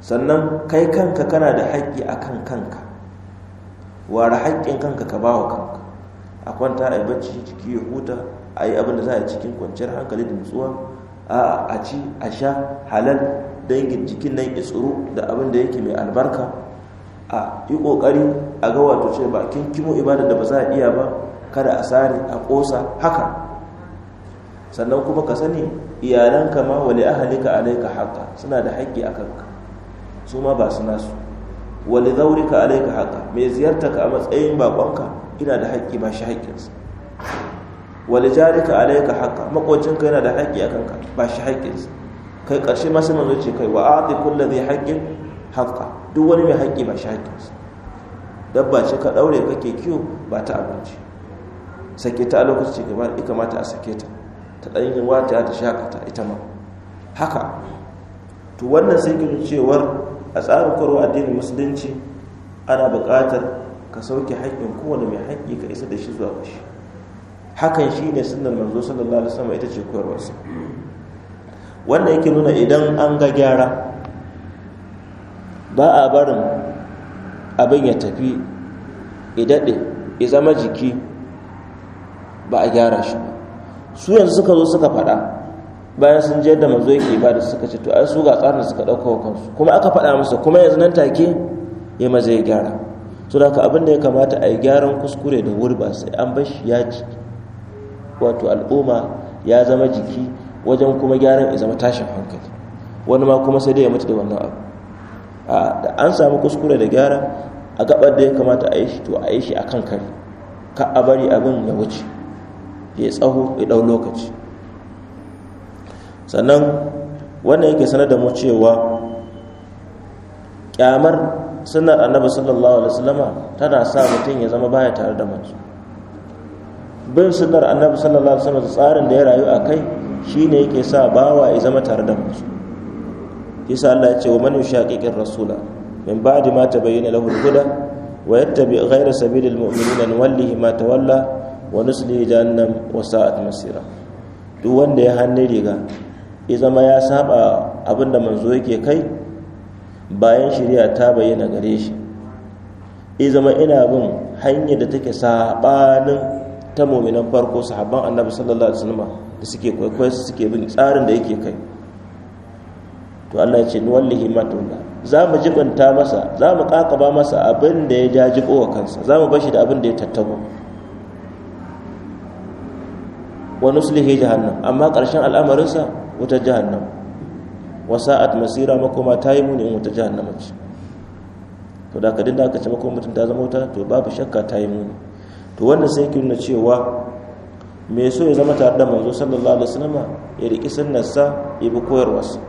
Speaker 1: sannan kai kanka kana da haƙƙi akan kanka ware haƙƙin kanka ka bawa kanka a kwanta a yi bacci jiki ya huta a yi abin za a cikin kwanciyar hankali da nutsuwa a a ci a sha halal dangin jikin nan ya tsiro da abinda yake mai albarka a yi kokari a ga wato ce ba kin kimo ibada da ba za a iya ba kada a sare a kosa haka sannan kuma ka sani iyalanka ma wali ahalika alaika haka suna da haƙƙi a kanka su ma ba su nasu wali zaurika alaika haka mai ka a matsayin bakonka ina da haƙƙi ba shi haƙƙinsa wali jarika alaika haka ka yana da haƙƙi a kanka ba shi haƙƙinsa kai ƙarshe masu manzo ce kai wa aati kulli dhi haqqin haƙƙa. duk wani mai haƙƙi ba shi su. dabba ce ka ɗaure kake kiwo ba ta abinci sake ta a lokaci gaba ya kamata a sake ta ta ɗan yi wata ta shaƙata ita ma haka to wannan sai kin cewar a tsarin kwarwa addinin musulunci ana buƙatar ka sauke haƙƙin kowane mai haƙƙi ka isa da shi zuwa shi hakan shi ne sunan manzo sallallahu alaihi wasallam ita ce koyarwarsa wannan yake nuna idan an ga gyara ba a barin abin ya tafi idaɗe ya zama jiki ba a gyara shi ba su yanzu suka zo suka faɗa bayan sun je da mazo yake ba da suka ce to ai su ga tsarin suka ɗauka wa kansu kuma aka faɗa masa kuma yanzu nan take ya maza ya gyara su da abin da ya kamata a yi gyaran kuskure da wuri ba sai an bar ya ci wato al'umma ya zama jiki wajen kuma gyaran ya zama tashin hankali wani ma kuma sai dai ya mutu da wannan abu da an samu kuskure da gyara a gabar da ya kamata a yi shi to a yi shi a kan kari ka a bari abin ya wuce ya tsaho ya ɗau lokaci sannan wannan yake sanar da mu cewa kyamar sunar annabi sallallahu alaihi wasallama tana sa mutum ya zama baya tare da mace bin sunar annabi sallallahu alaihi wasallam tsarin da ya rayu a kai shine yake sa bawa ya zama tare da mace yasa Allah ya ce wa man yushaqiqir rasula min ba'di ma tabayyana lahu al-huda wa yattabi ghayra sabilil mu'minina nuwallihi ma tawalla wa nuslihi jahannam wa sa'at masira duk wanda ya hannu riga ya zama ya saba abinda manzo yake kai bayan shari'a ta bayyana gare shi ya zama ina bin hanyar da take sabanin ta mu'minan farko sahabban annabi sallallahu alaihi wasallam da suke kwaikwai suke bin tsarin da yake kai to Allah ya ce wallahi matula za mu jibinta masa za mu kakaba masa abin da ya jajibo wa kansa za mu bashi da abin da ya tattabo wa nuslihi jahannam amma ƙarshen al'amarinsa wuta jahannam wa sa'at masira makoma ta yi muni in wuta jahannama ce to da ka dinda aka ce makoma mutum ta zama wuta to babu shakka ta yi muni to wannan sai ki nuna cewa me so ya zama tare da manzo sallallahu alaihi wasallam ya riki sunnarsa ya bi koyarwarsa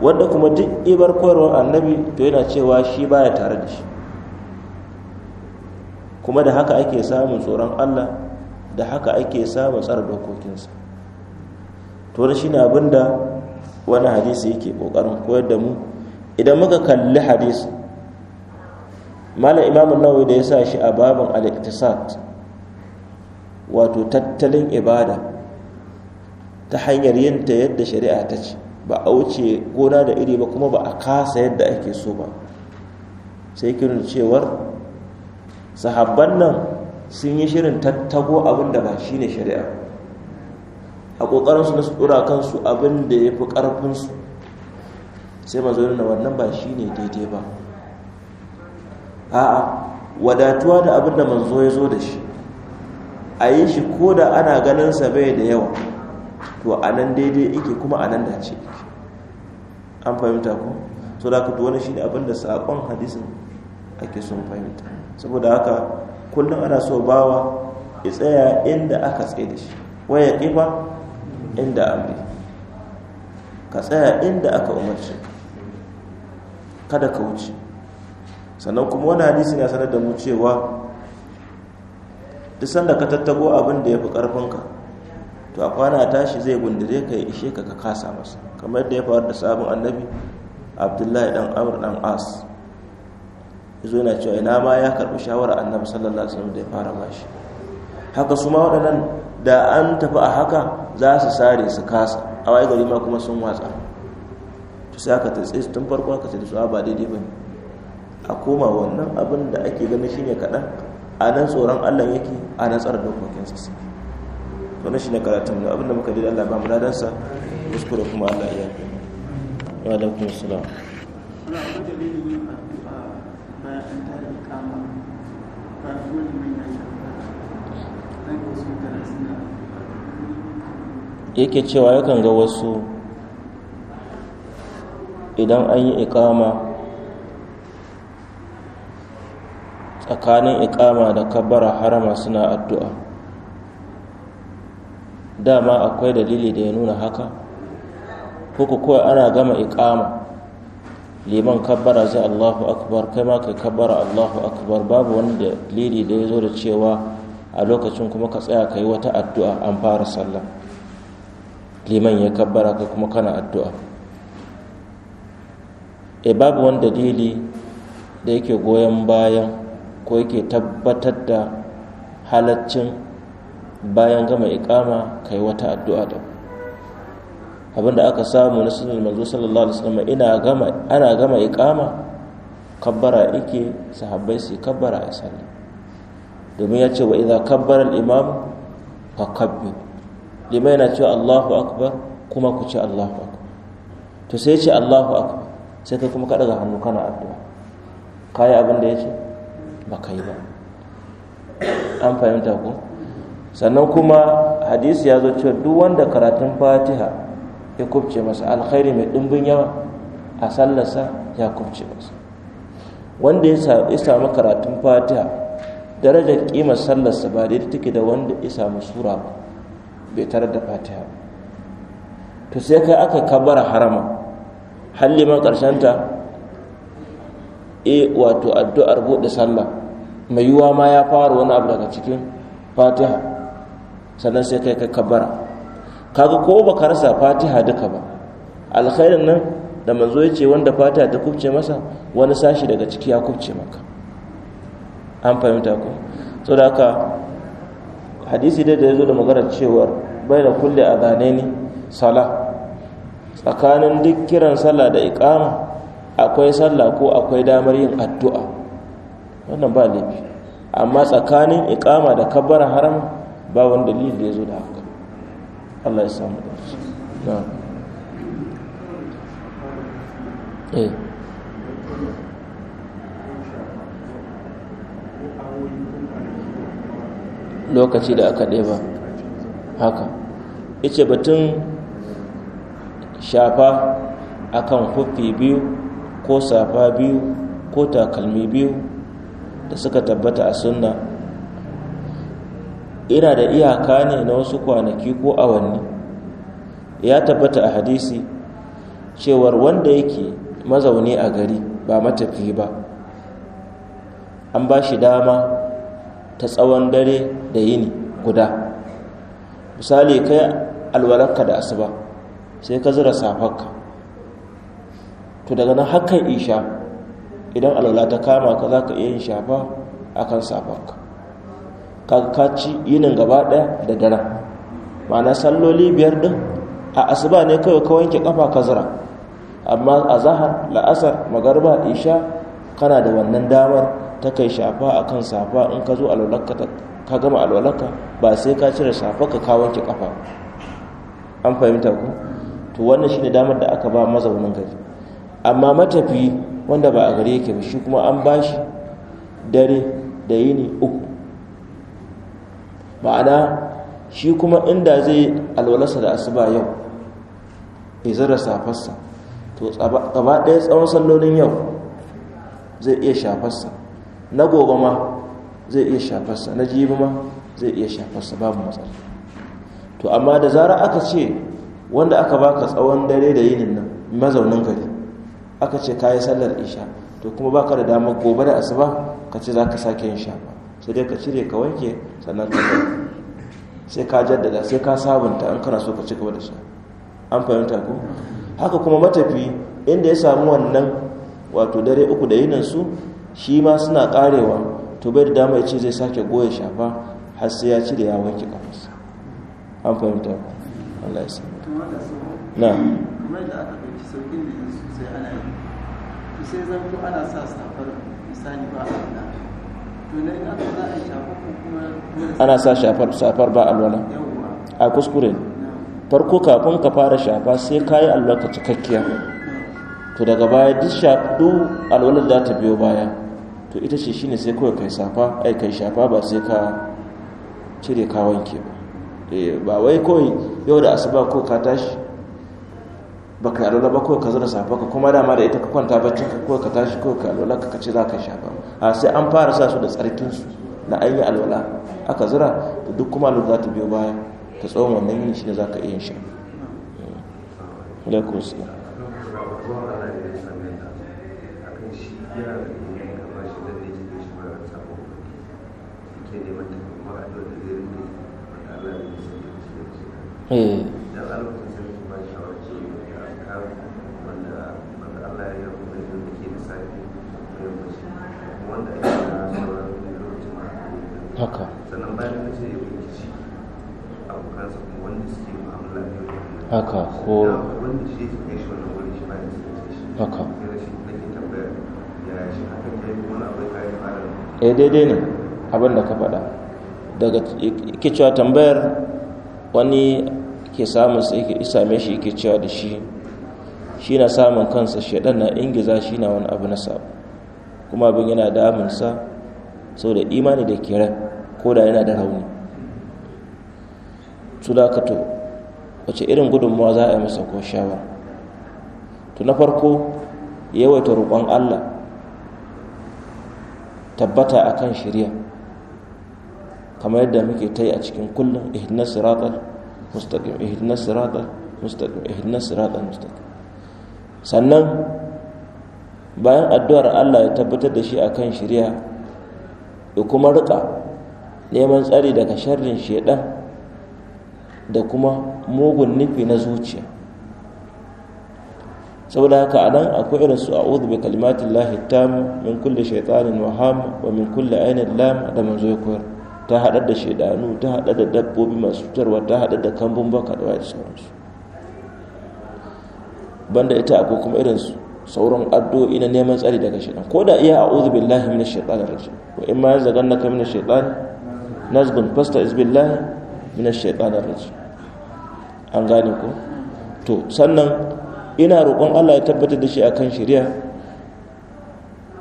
Speaker 1: wanda kuma duk ibar koyarwar annabi to yana cewa shi baya tare da shi kuma da haka ake samun tsoron Allah da haka ake samun tsara dokokinsa to da ne abin da wani hadisi yake kokarin koyar da mu idan muka kalli hadisi malam imamun nawawi da ya sa shi a babin al wato tattalin ibada ta hanyar yinta yadda shari'a ta ce ba a wuce gona da iri ba kuma ba a kasa yadda ake so ba sai kirin cewar sahabban nan sun yi shirin tattago abin da ba shi ne shari'a a su na su ɗora kansu abin da ya fi ƙarfinsu sai mazo na wannan ba shi ne daidai ba a'a wadatuwa da abin da manzo ya zo da shi a yi shi ko da ana ganin sa bai da yawa to a nan daidai ike kuma a nan dace an fahimta ko so da ka wani shi abin da sakon hadisin ake son fahimta saboda haka kullum ana so bawa ya tsaya inda aka tsaye da shi waya ƙiba inda an bi ka tsaya inda aka umarci kada ka wuce sannan kuma wani hadisi na sanar da mu cewa duk sanda ka tattago abin da ya fi ƙarfinka to a kwana tashi zai gundure ka ya ishe ka ka kasa masa kamar da ya faru da sabon annabi abdullahi dan Amur dan as zo yana cewa ina ma ya karbi shawarar annabi sallallahu alaihi wasallam da ya fara bashi haka su ma waɗannan da an tafi a haka za su sare su kasa a waye gari ma kuma sun watsa to sai aka tsitsi tun farko aka tsitsi da su ah, ba daidai a koma wannan abin da ake ganin shine kaɗan a nan tsoron allah yake a nan tsara dokokinsa sai to na shi ne karatun da abinda muka dai Allah ba mu dadansa muskura kuma Allah ya yi wa kuma suna yake cewa yakan ga wasu idan an yi ikama tsakanin ikama da kabbara harama suna addu'a dama akwai dalili da ya nuna haka ko kawai ana gama ikama liman kabbara zai allahu akbar kai ma kai kabbara allahu akbar babu wani dalili da ya zo da cewa a lokacin kuma ka tsaya ka yi wata addu'a an fara sallah liman ya kabbara kai kuma kana addu'a e babu wani dalili da yake goyon bayan ko yake tabbatar da halaccin bayan gama ikama kai wata addu'a da abinda aka samu na sunan manzo sallallahu alaihi wasallam ina gama ana gama ikama kabbara yake sahabbai su kabbara a sallah domin ya ce wa idza kabbara al-imam fa kabbir limai yana cewa Allahu akbar kuma ku ce Allahu akbar to sai ya ce Allahu akbar sai kai kuma ka daga hannu kana addu'a kai abin da ya ce ba kai ba an fahimta ko sannan kuma hadisi ya zo cewa duk wanda karatun fatiha ya kubce masa alkhairi mai ɗumbin yawa a sallarsa ya kubce masa wanda ya samu karatun fatiha darajar kimar sallarsa ba da take da wanda ya samu sura ba bai tare da fatiha to sai kai aka kabara harama halli ma ta e wato addu'ar buɗe sallah mai yiwuwa ma ya fara wani abu daga cikin fatiha sannan sai kai kai kabara kaga ko ba ka rasa fatiha duka ba alkhairin nan da manzo ya ce wanda fatiha ta kubce masa wani sashi daga ciki ya kubce maka an fahimta ko to da haka hadisi dai da ya zo da maganar cewar bai da kulle azanaini sala tsakanin duk kiran sallah da iqama akwai sallah ko akwai damar yin addu'a wannan ba laifi amma tsakanin iqama da kabbara haram ba wani dalili da ya zo da haka Allah ya samu da su eh. lokaci da aka ɗaya ba, haka ice batun shafa akan huffi biyu ko safa biyu ko takalmi biyu da suka tabbata a sunna ina da iyaka ne na wasu kwanaki ko awanni ya tabbata a hadisi cewar wanda yake mazaune a gari ba matafi ba an ba shi dama ta tsawon dare da yini guda misali kai alwalarka da asuba sai ka zira safarka to daga nan hakan isha idan alwala ta kama ka za ka iya yin shafa akan safarka ka ci yinin gaba ɗaya da daren ma'ana salloli biyar ɗin a asuba ne kawai ka wanke kafa ka zira amma a zahar la'asar magarba isha kana da wannan damar ta kai shafa a kan safa in ka zo alwalarka ka gama alwalaka ba sai ka cire safa ka wanke kafa an fahimta ku to wannan shine damar da aka ba mazaunin gari amma matafi wanda ba a gari yake ba shi kuma an ba shi dare da yini uku ma'ana shi kuma inda zai alwalasa da asuba yau ya zara safarsa to gaba ɗaya tsawon sallonin yau zai iya shafarsa na gobe ma zai iya shafarsa na jibi ma zai iya shafarsa babu matsala to amma da zara aka ce wanda aka baka tsawon dare da yinin nan mazaunin gari aka ce ka yi sallar isha to kuma baka da damar gobe da asuba ka ce za ka sake yin shafa sai dai ka cire ka wanke sannan sai ka jaddada sai ka sabunta an kana so ka ci gaba da shi an fahimta ko haka kuma matafi inda ya samu wannan wato dare uku da yinan su shi ma suna karewa to bai da dama ya ce zai sake goya shafa har sai ya ci da ya wanke kafarsa an fahimta ko Allah ya sa na kamar da aka ɗauki sauƙin da yin sosai ana yi sai zan ana sa safar misali ba a ana sa shafar safar ba alwala a kuskure farko kafin ka fara shafa sai ka yi alwala cikakkiya to daga baya duk shafu alwalar da ta biyo baya to ita ce shine sai kawai kai safa ai kai shafa ba sai ka cire ka ke ba eh, ba wai kawai yau da asuba ko ka tashi baka alwala ba ko ka zura safa ka kuma dama da ita ka kwanta bacci ka ko ka tashi ko ka alwala ka kace za ka shafa a sai an fara sa su da tsarkin su na an yi alwala aka zura da duk kuma alwala za ta biyo baya ta tsawon wannan shi da za ka iya shi hmm. alaikum salam Eh. haka eh, daidai ne abin da ka faɗa daga ke tambayar wani ke samun sai ke same shi ke da shi shi na samun kansa shaɗan na ingiza shi na wani abu na kuma abin yana damunsa sau da imani da ke rai ko da yana da rauni su da wace irin gudunmawa za a yi masa ko shawara to na farko yawaita roƙon Allah tabbata akan shirya kamar yadda muke ta yi a cikin kullum ihdinas siratal mustaqim ihdinas siratal mustaqim ihdinas siratal mustaqim sannan bayan addu'ar Allah ya tabbatar da shi akan shirya da kuma riƙa neman tsari daga sharrin shedan da kuma mugun nufi na zuciya saboda haka a nan akwai irin su a uzu bai kalimatin lahi tam min kulle shaitanin waham wa min kulle ainihin lam da manzo ya koyar ta haɗar da shaidanu ta haɗar da dabbobi masu cutarwa ta haɗar da kambun baka da wajen sauransu banda ita akwai kuma irin su sauran addu'o'i na neman tsari daga shaidan, ko da iya a a'udhu Lahi min shaitani rajim wa in ma yanzaghannaka minash shaitani nazgun fasta'iz Lahi min shaitani rajim an gane ko to sannan ina roƙon Allah ya tabbatar da shi akan shari'a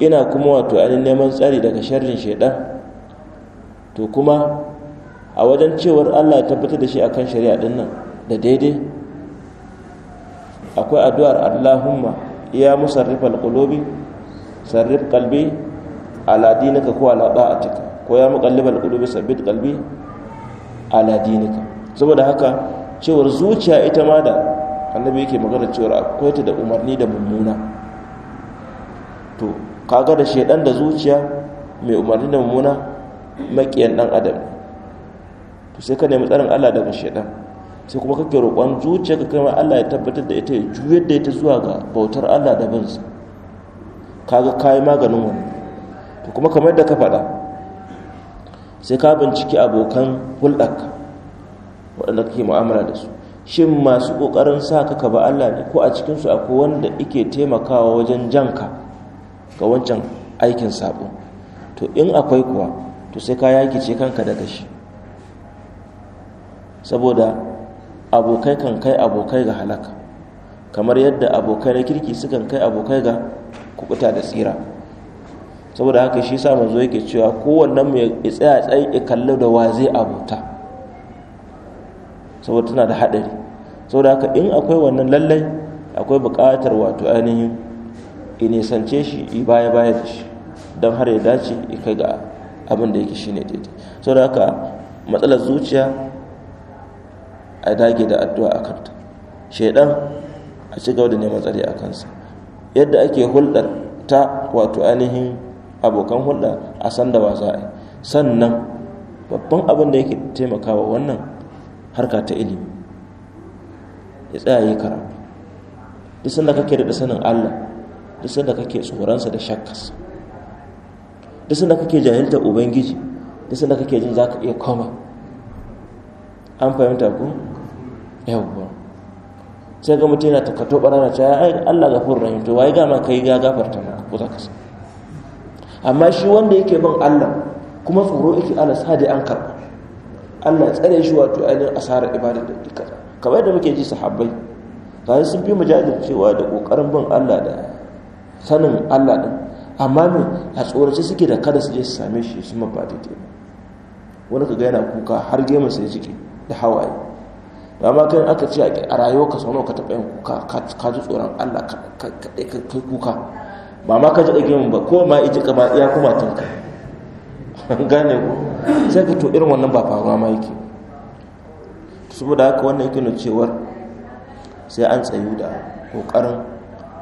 Speaker 1: ina kuma wato ainihin neman tsari daga sharrin shaidan to kuma a wajen cewar Allah ya tabbatar da shi akan shari'a din nan da daidai akwai addu'ar Allahumma ya musarrifal alqulubi sarrif qalbi ala dinika ko ala da'atika ko ya muqallibal qulubi sabbit qalbi ala dinika saboda haka cewar zuciya ita ma da annabi yake magana cewa akwai ta da umarni da mummuna to kaga da shedan da zuciya mai umarni da mummuna makiyan dan adam to sai ka nemi tsarin Allah daga shedan sai kuma kake roƙon zuciya ka kai Allah ya tabbatar da ita ya juyar da ita zuwa ga bautar Allah da bin sa kaga kai maganin wannan to kuma kamar da ka faɗa sai ka binciki abokan hulɗarka waɗanda kake mu'amala da su shin masu ƙoƙarin sa ka ka ba Allah ne ko a cikinsu akwai wanda ike taimakawa wajen jan ka ga wancan aikin saɓo? to in akwai kuwa to sai ka ce kanka daga shi saboda abokai kan kai abokai ga halaka kamar yadda abokai na kirki sukan kai abokai ga kukuta da tsira saboda haka shi sa manzo yake cewa kowannen mu ya tsaya tsayi ya kallo da wa zai abota saboda tana da haɗari saboda haka in akwai wannan lallai akwai buƙatar wato ainihin inisance shi yi baya baya da shi don har ya dace i kai ga abin da yake ne daidai saboda haka matsalar zuciya a dage da addu'a a kanta shaidan a ci gaba da neman tsari a kansa yadda ake hulɗar ta wato ainihin abokan hulɗa a san da wa za a yi sannan babban abin da yake taimakawa wannan harka ta ilimi ya tsaya yi karatu duk sanda kake da sanin Allah duk sanda kake tsoronsa da shakkas duk sanda kake jahilta ubangiji duk sanda kake jin za ka iya koma an fahimta ku yawwa sai ga mutum yana takato barana ta ai Allah gafur rahim to wai ga ma kai ga gafarta ma? ko ka sa amma shi wanda yake bin Allah kuma tsoro yake Allah sa da an karɓa Allah tsare shi wato ainihin asarar ibadar da duka kamar yadda muke ji sahabbai bayan sun fi cewa da kokarin bin Allah da sanin Allah din amma me a tsorace suke da kada su je su same shi su mabba daidai wani ka yana kuka har gema sai jiki da hawaye Da amma kai aka ce a rayuwa ka sauna ka taɓa yin kuka ka ji tsoron Allah ka kai kuka ba ma ka ji gemun ba ko ma iji iya kuma kai gane ku sai ka to irin wannan ba faruwa ma yake saboda haka wannan yake nuna cewar sai an tsayu da kokarin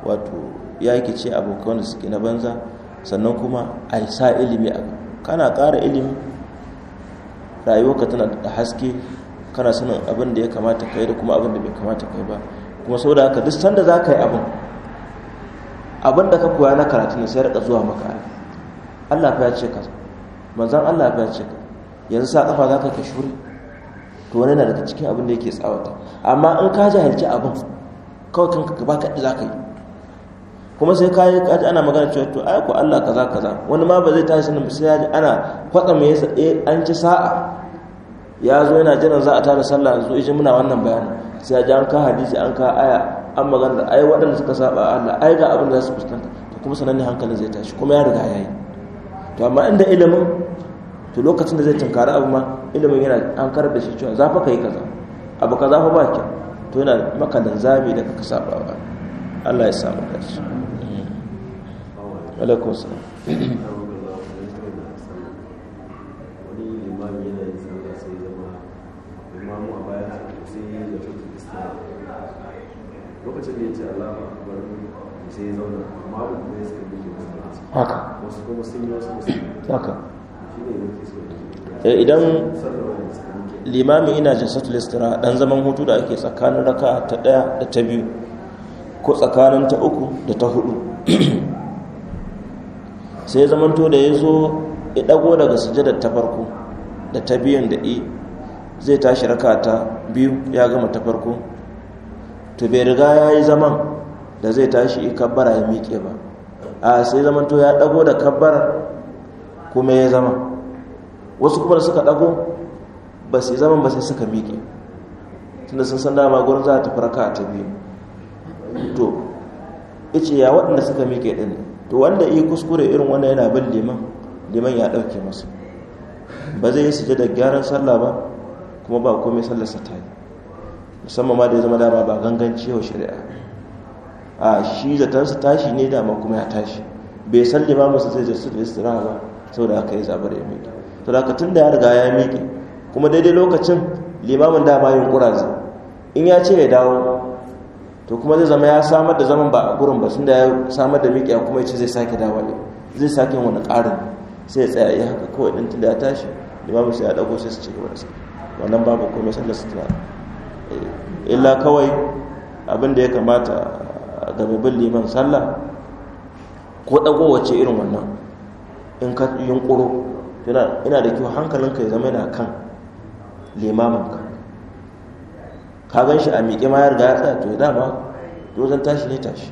Speaker 1: wato ya yake ce abokan wanda suke na banza sannan kuma a sa ilimi a kana ƙara ilimi rayuwarka tana da haske kana sanin abin da ya kamata kai da kuma abin da bai kamata kai ba kuma saboda haka duk sanda za ka yi abin abin da ka koya na karatu ne sai rika zuwa maka Allah fa ya ce ka manzan Allah ya ce yanzu sa kafa zaka ka shuri to wani na daga cikin abin da yake tsawata amma in ka jahilci abin kawai kanka gaba ka za ka yi kuma sai ka yi kaji ana magana cewa to ai ko Allah kaza kaza wani ma ba zai tashi sanin sai ya ji ana kwatsa mai yasa eh, an ci sa'a ya zo yana jiran za a tara sallah zo ijin muna wannan bayanin sai ya ji an ka hadisi an ka aya an magana ai waɗanda suka saba Allah ai ga abin da za su fuskanta to kuma sananne hankalin zai tashi kuma ya riga yayi to amma inda ilimin to lokacin da zai tunkari abu ma ilimin yana an karar da shi cewa za fa kai kaza abu ka kaza fa baki to yana maka da zabi da kaka saba ba Allah ya samu kashi da ya ce Allah haka wasu kuma sun yi wasu musulmi haka Eh, idan limami ina jalsatul istira dan zaman hutu da ake tsakanin raka ta daya da ta biyu ko tsakanin ta uku da ta hudu sai zamanto da ya zo ya dago daga sujada ta farko da ta biyan da i zai tashi raka ta biyu ya gama ta farko to bai riga ya yi zaman da zai tashi i kabbara ya miƙe ba a sai zamanto ya dago da kabbara kuma ya zama wasu kuma da suka dago ba su zaman ba sai suka miƙe tunda sun san dama gurin za ta farka ta biyu to ice ya waɗanda suka miƙe ɗin to wanda iya kuskure irin wanda yana bin liman liman ya ɗauke masu ba zai yi da gyaran sallah ba kuma ba komai sallarsa ta yi musamman ma da ya zama dama ba ganganci wa shari'a a shi zatarsa tashi ne dama kuma ya tashi bai san limamu sa zai je su da istiraha ba saboda aka yi zabar ya miƙe to da tun da ya riga ya miƙe kuma daidai lokacin limamin dama yin ƙurazi in ya ce ya dawo to kuma zai zama ya samar da zaman ba a gurin ba sun da ya samar da miƙe kuma ya ce zai sake dawo ne zai sake wani ƙarin sai ya tsaya ya haka kawai ɗin tun da ya tashi limamin sai ya ɗago sai su ci gaba da wannan babu komai sallar su tana eh, illa kawai abin da ya kamata ga babban liman sallah ko ɗago wace irin wannan in ka yunƙuro yana ina da kyau hankalinka ya zama yana kan limamin ka gan shi a miƙe ma ya riga ya tsaya to dama dozan tashi ne tashi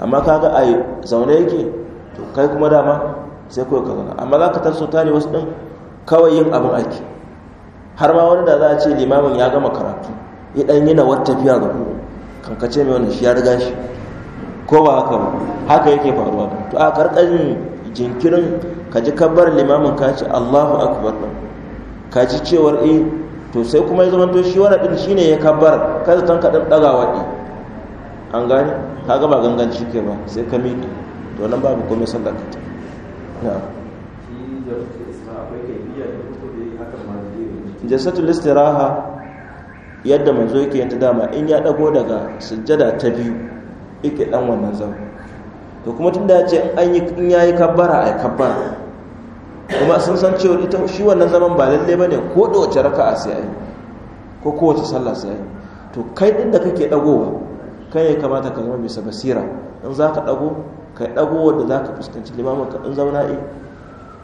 Speaker 1: amma ka ga a zaune yake to kai kuma dama sai kawai ka zauna amma za ka tarso tare wasu ɗin kawai yin abin aiki har ma wani da za a ce limamin ya gama karatu ya ɗan yi na wata tafiya ga ku kankace mai wani shi ya riga shi ko ba haka ba haka yake faruwa to a karkarin jinkirin ka ji kabbar limamin ka ce Allahu akbar din ka ji cewar eh to sai kuma ya zama to shi wani din shine ya kabbar ka zaton ka ɗan ɗaga waɗi. an gane ka gaba gangan ganganci ke ba sai ka miƙe to nan babu komai sallar ka na'am jasatul istiraha yadda manzo yake yanta dama in ya ɗago daga sujjada ta biyu yake ɗan wannan zama to kuma da ya ce an yi kabbara ay kabbara kuma sun san cewa ita shi wannan zaman ba lalle bane ko da wace raka sai ai ko kowace sallah sai to kai din da kake ɗagowa, kai ya kamata ka zama bisa basira in ka dago kai dago wanda ka fuskanci limamin ka in zauna eh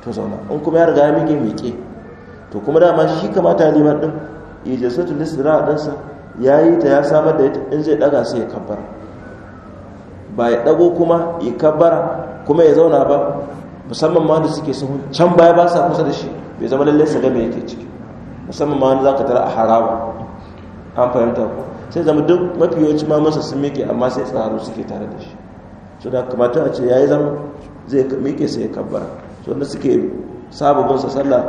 Speaker 1: to zauna in kuma ya riga ya mike mike to kuma dama shi kamata liman din ijasatu lisra din sa yi ta ya samar da ita in zai daga sai ya kabbara ba ya dago kuma ya kabbara kuma ya zauna ba musamman ma da suke sun can baya ba sa kusa da shi bai zama lallai su game yake ciki musamman ma wani za ka tara a harawa an fahimta ku sai zama duk mafi yawanci ma masa sun miƙe amma sai tsaro suke tare da shi so da kamata a ce ya yi zama zai miƙe sai ya kabbara so da suke sababin sa sallah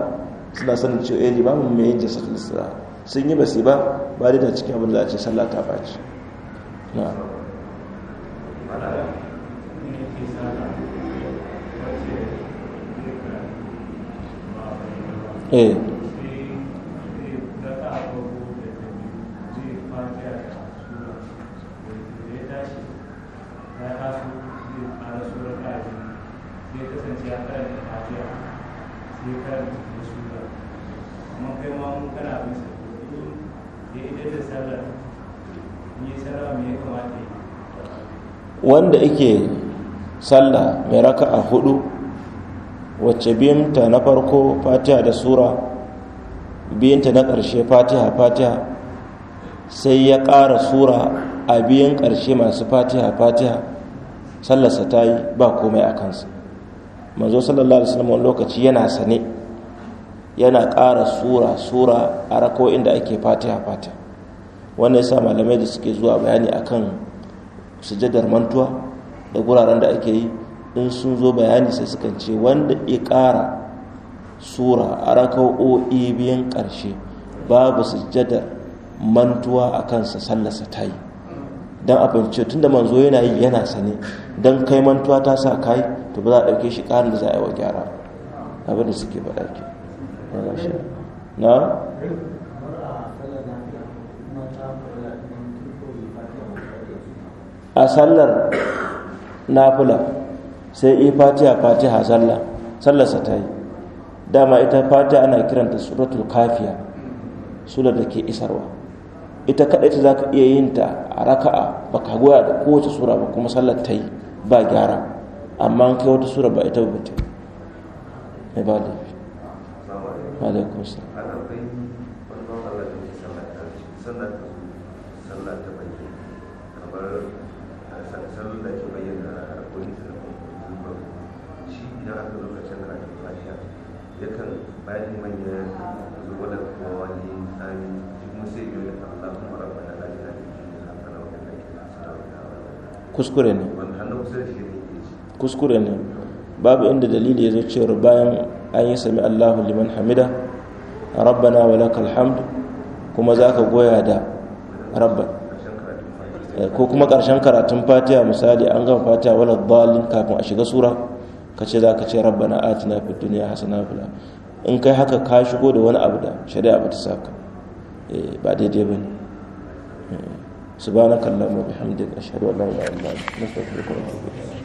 Speaker 1: suna sanin cewa ba eh, mu mai yin jasa lissa sun yi basi ba ba dai da cikin abin da a ce sallah ta faci sallah Eh. wanda yake sallah mai raka'a hudu wacce biyunta na farko fatiha da sura biyunta na ƙarshe fatiha fatiha sai ya ƙara sura a biyun ƙarshe masu fatiha fatiha sallarsa ta yi ba komai a kansa manzo sallallahu alaihi wasallam lokaci yana sane yana ƙara sura sura a rako inda ake fatiha fatiha wannan yasa malamai da suke zuwa bayani akan sujadar mantuwa da guraren da ake yi in sun zo bayani sai suka ce wanda ya ƙara sura a raka'o'i biyan ƙarshe babu sujjada mantuwa a kansa sallasa ta yi don abincin tun da manzo yana yi yana sane don kai mantuwa ta sa kai to ba za a ɗauke shi ƙarin da za a yi wa gyara abin da suke ba a sallar nafula sai yi eh, fatiha fatiha sallah sallarsa ta yi dama ita fatiha ana kiranta suratul kafiya sura da ke isarwa ita kaɗai ta za ka iya yin ta a raka'a ba ka goya da kowace sura ba kuma sallar ta yi ba gyara amma an kai wata sura ba ita ba ta yi ba laifi bayan liman ya zuwa da kowa ne sami cikin mun sai biyu da Allahu rabba na lafiya da jini na fara wajen da ke masu kuskure ne kuskure ne babu inda dalili ya zo cewar bayan an yi sami Allahu liman hamida rabbana wa lakal hamd kuma za ka goya da rabba ko kuma karshen karatun fatiha misali an gama fatiha wala dalin kafin a shiga sura ka ce za ka ce rabbana atina fid duniya hasana fil in kai haka ka shigo da wani abu da shari'a ba ta saka eh, ba daidai ba ne eh, subhanakallahumma bihamdika ashhadu an la ilaha illa anta astaghfiruka wa atubu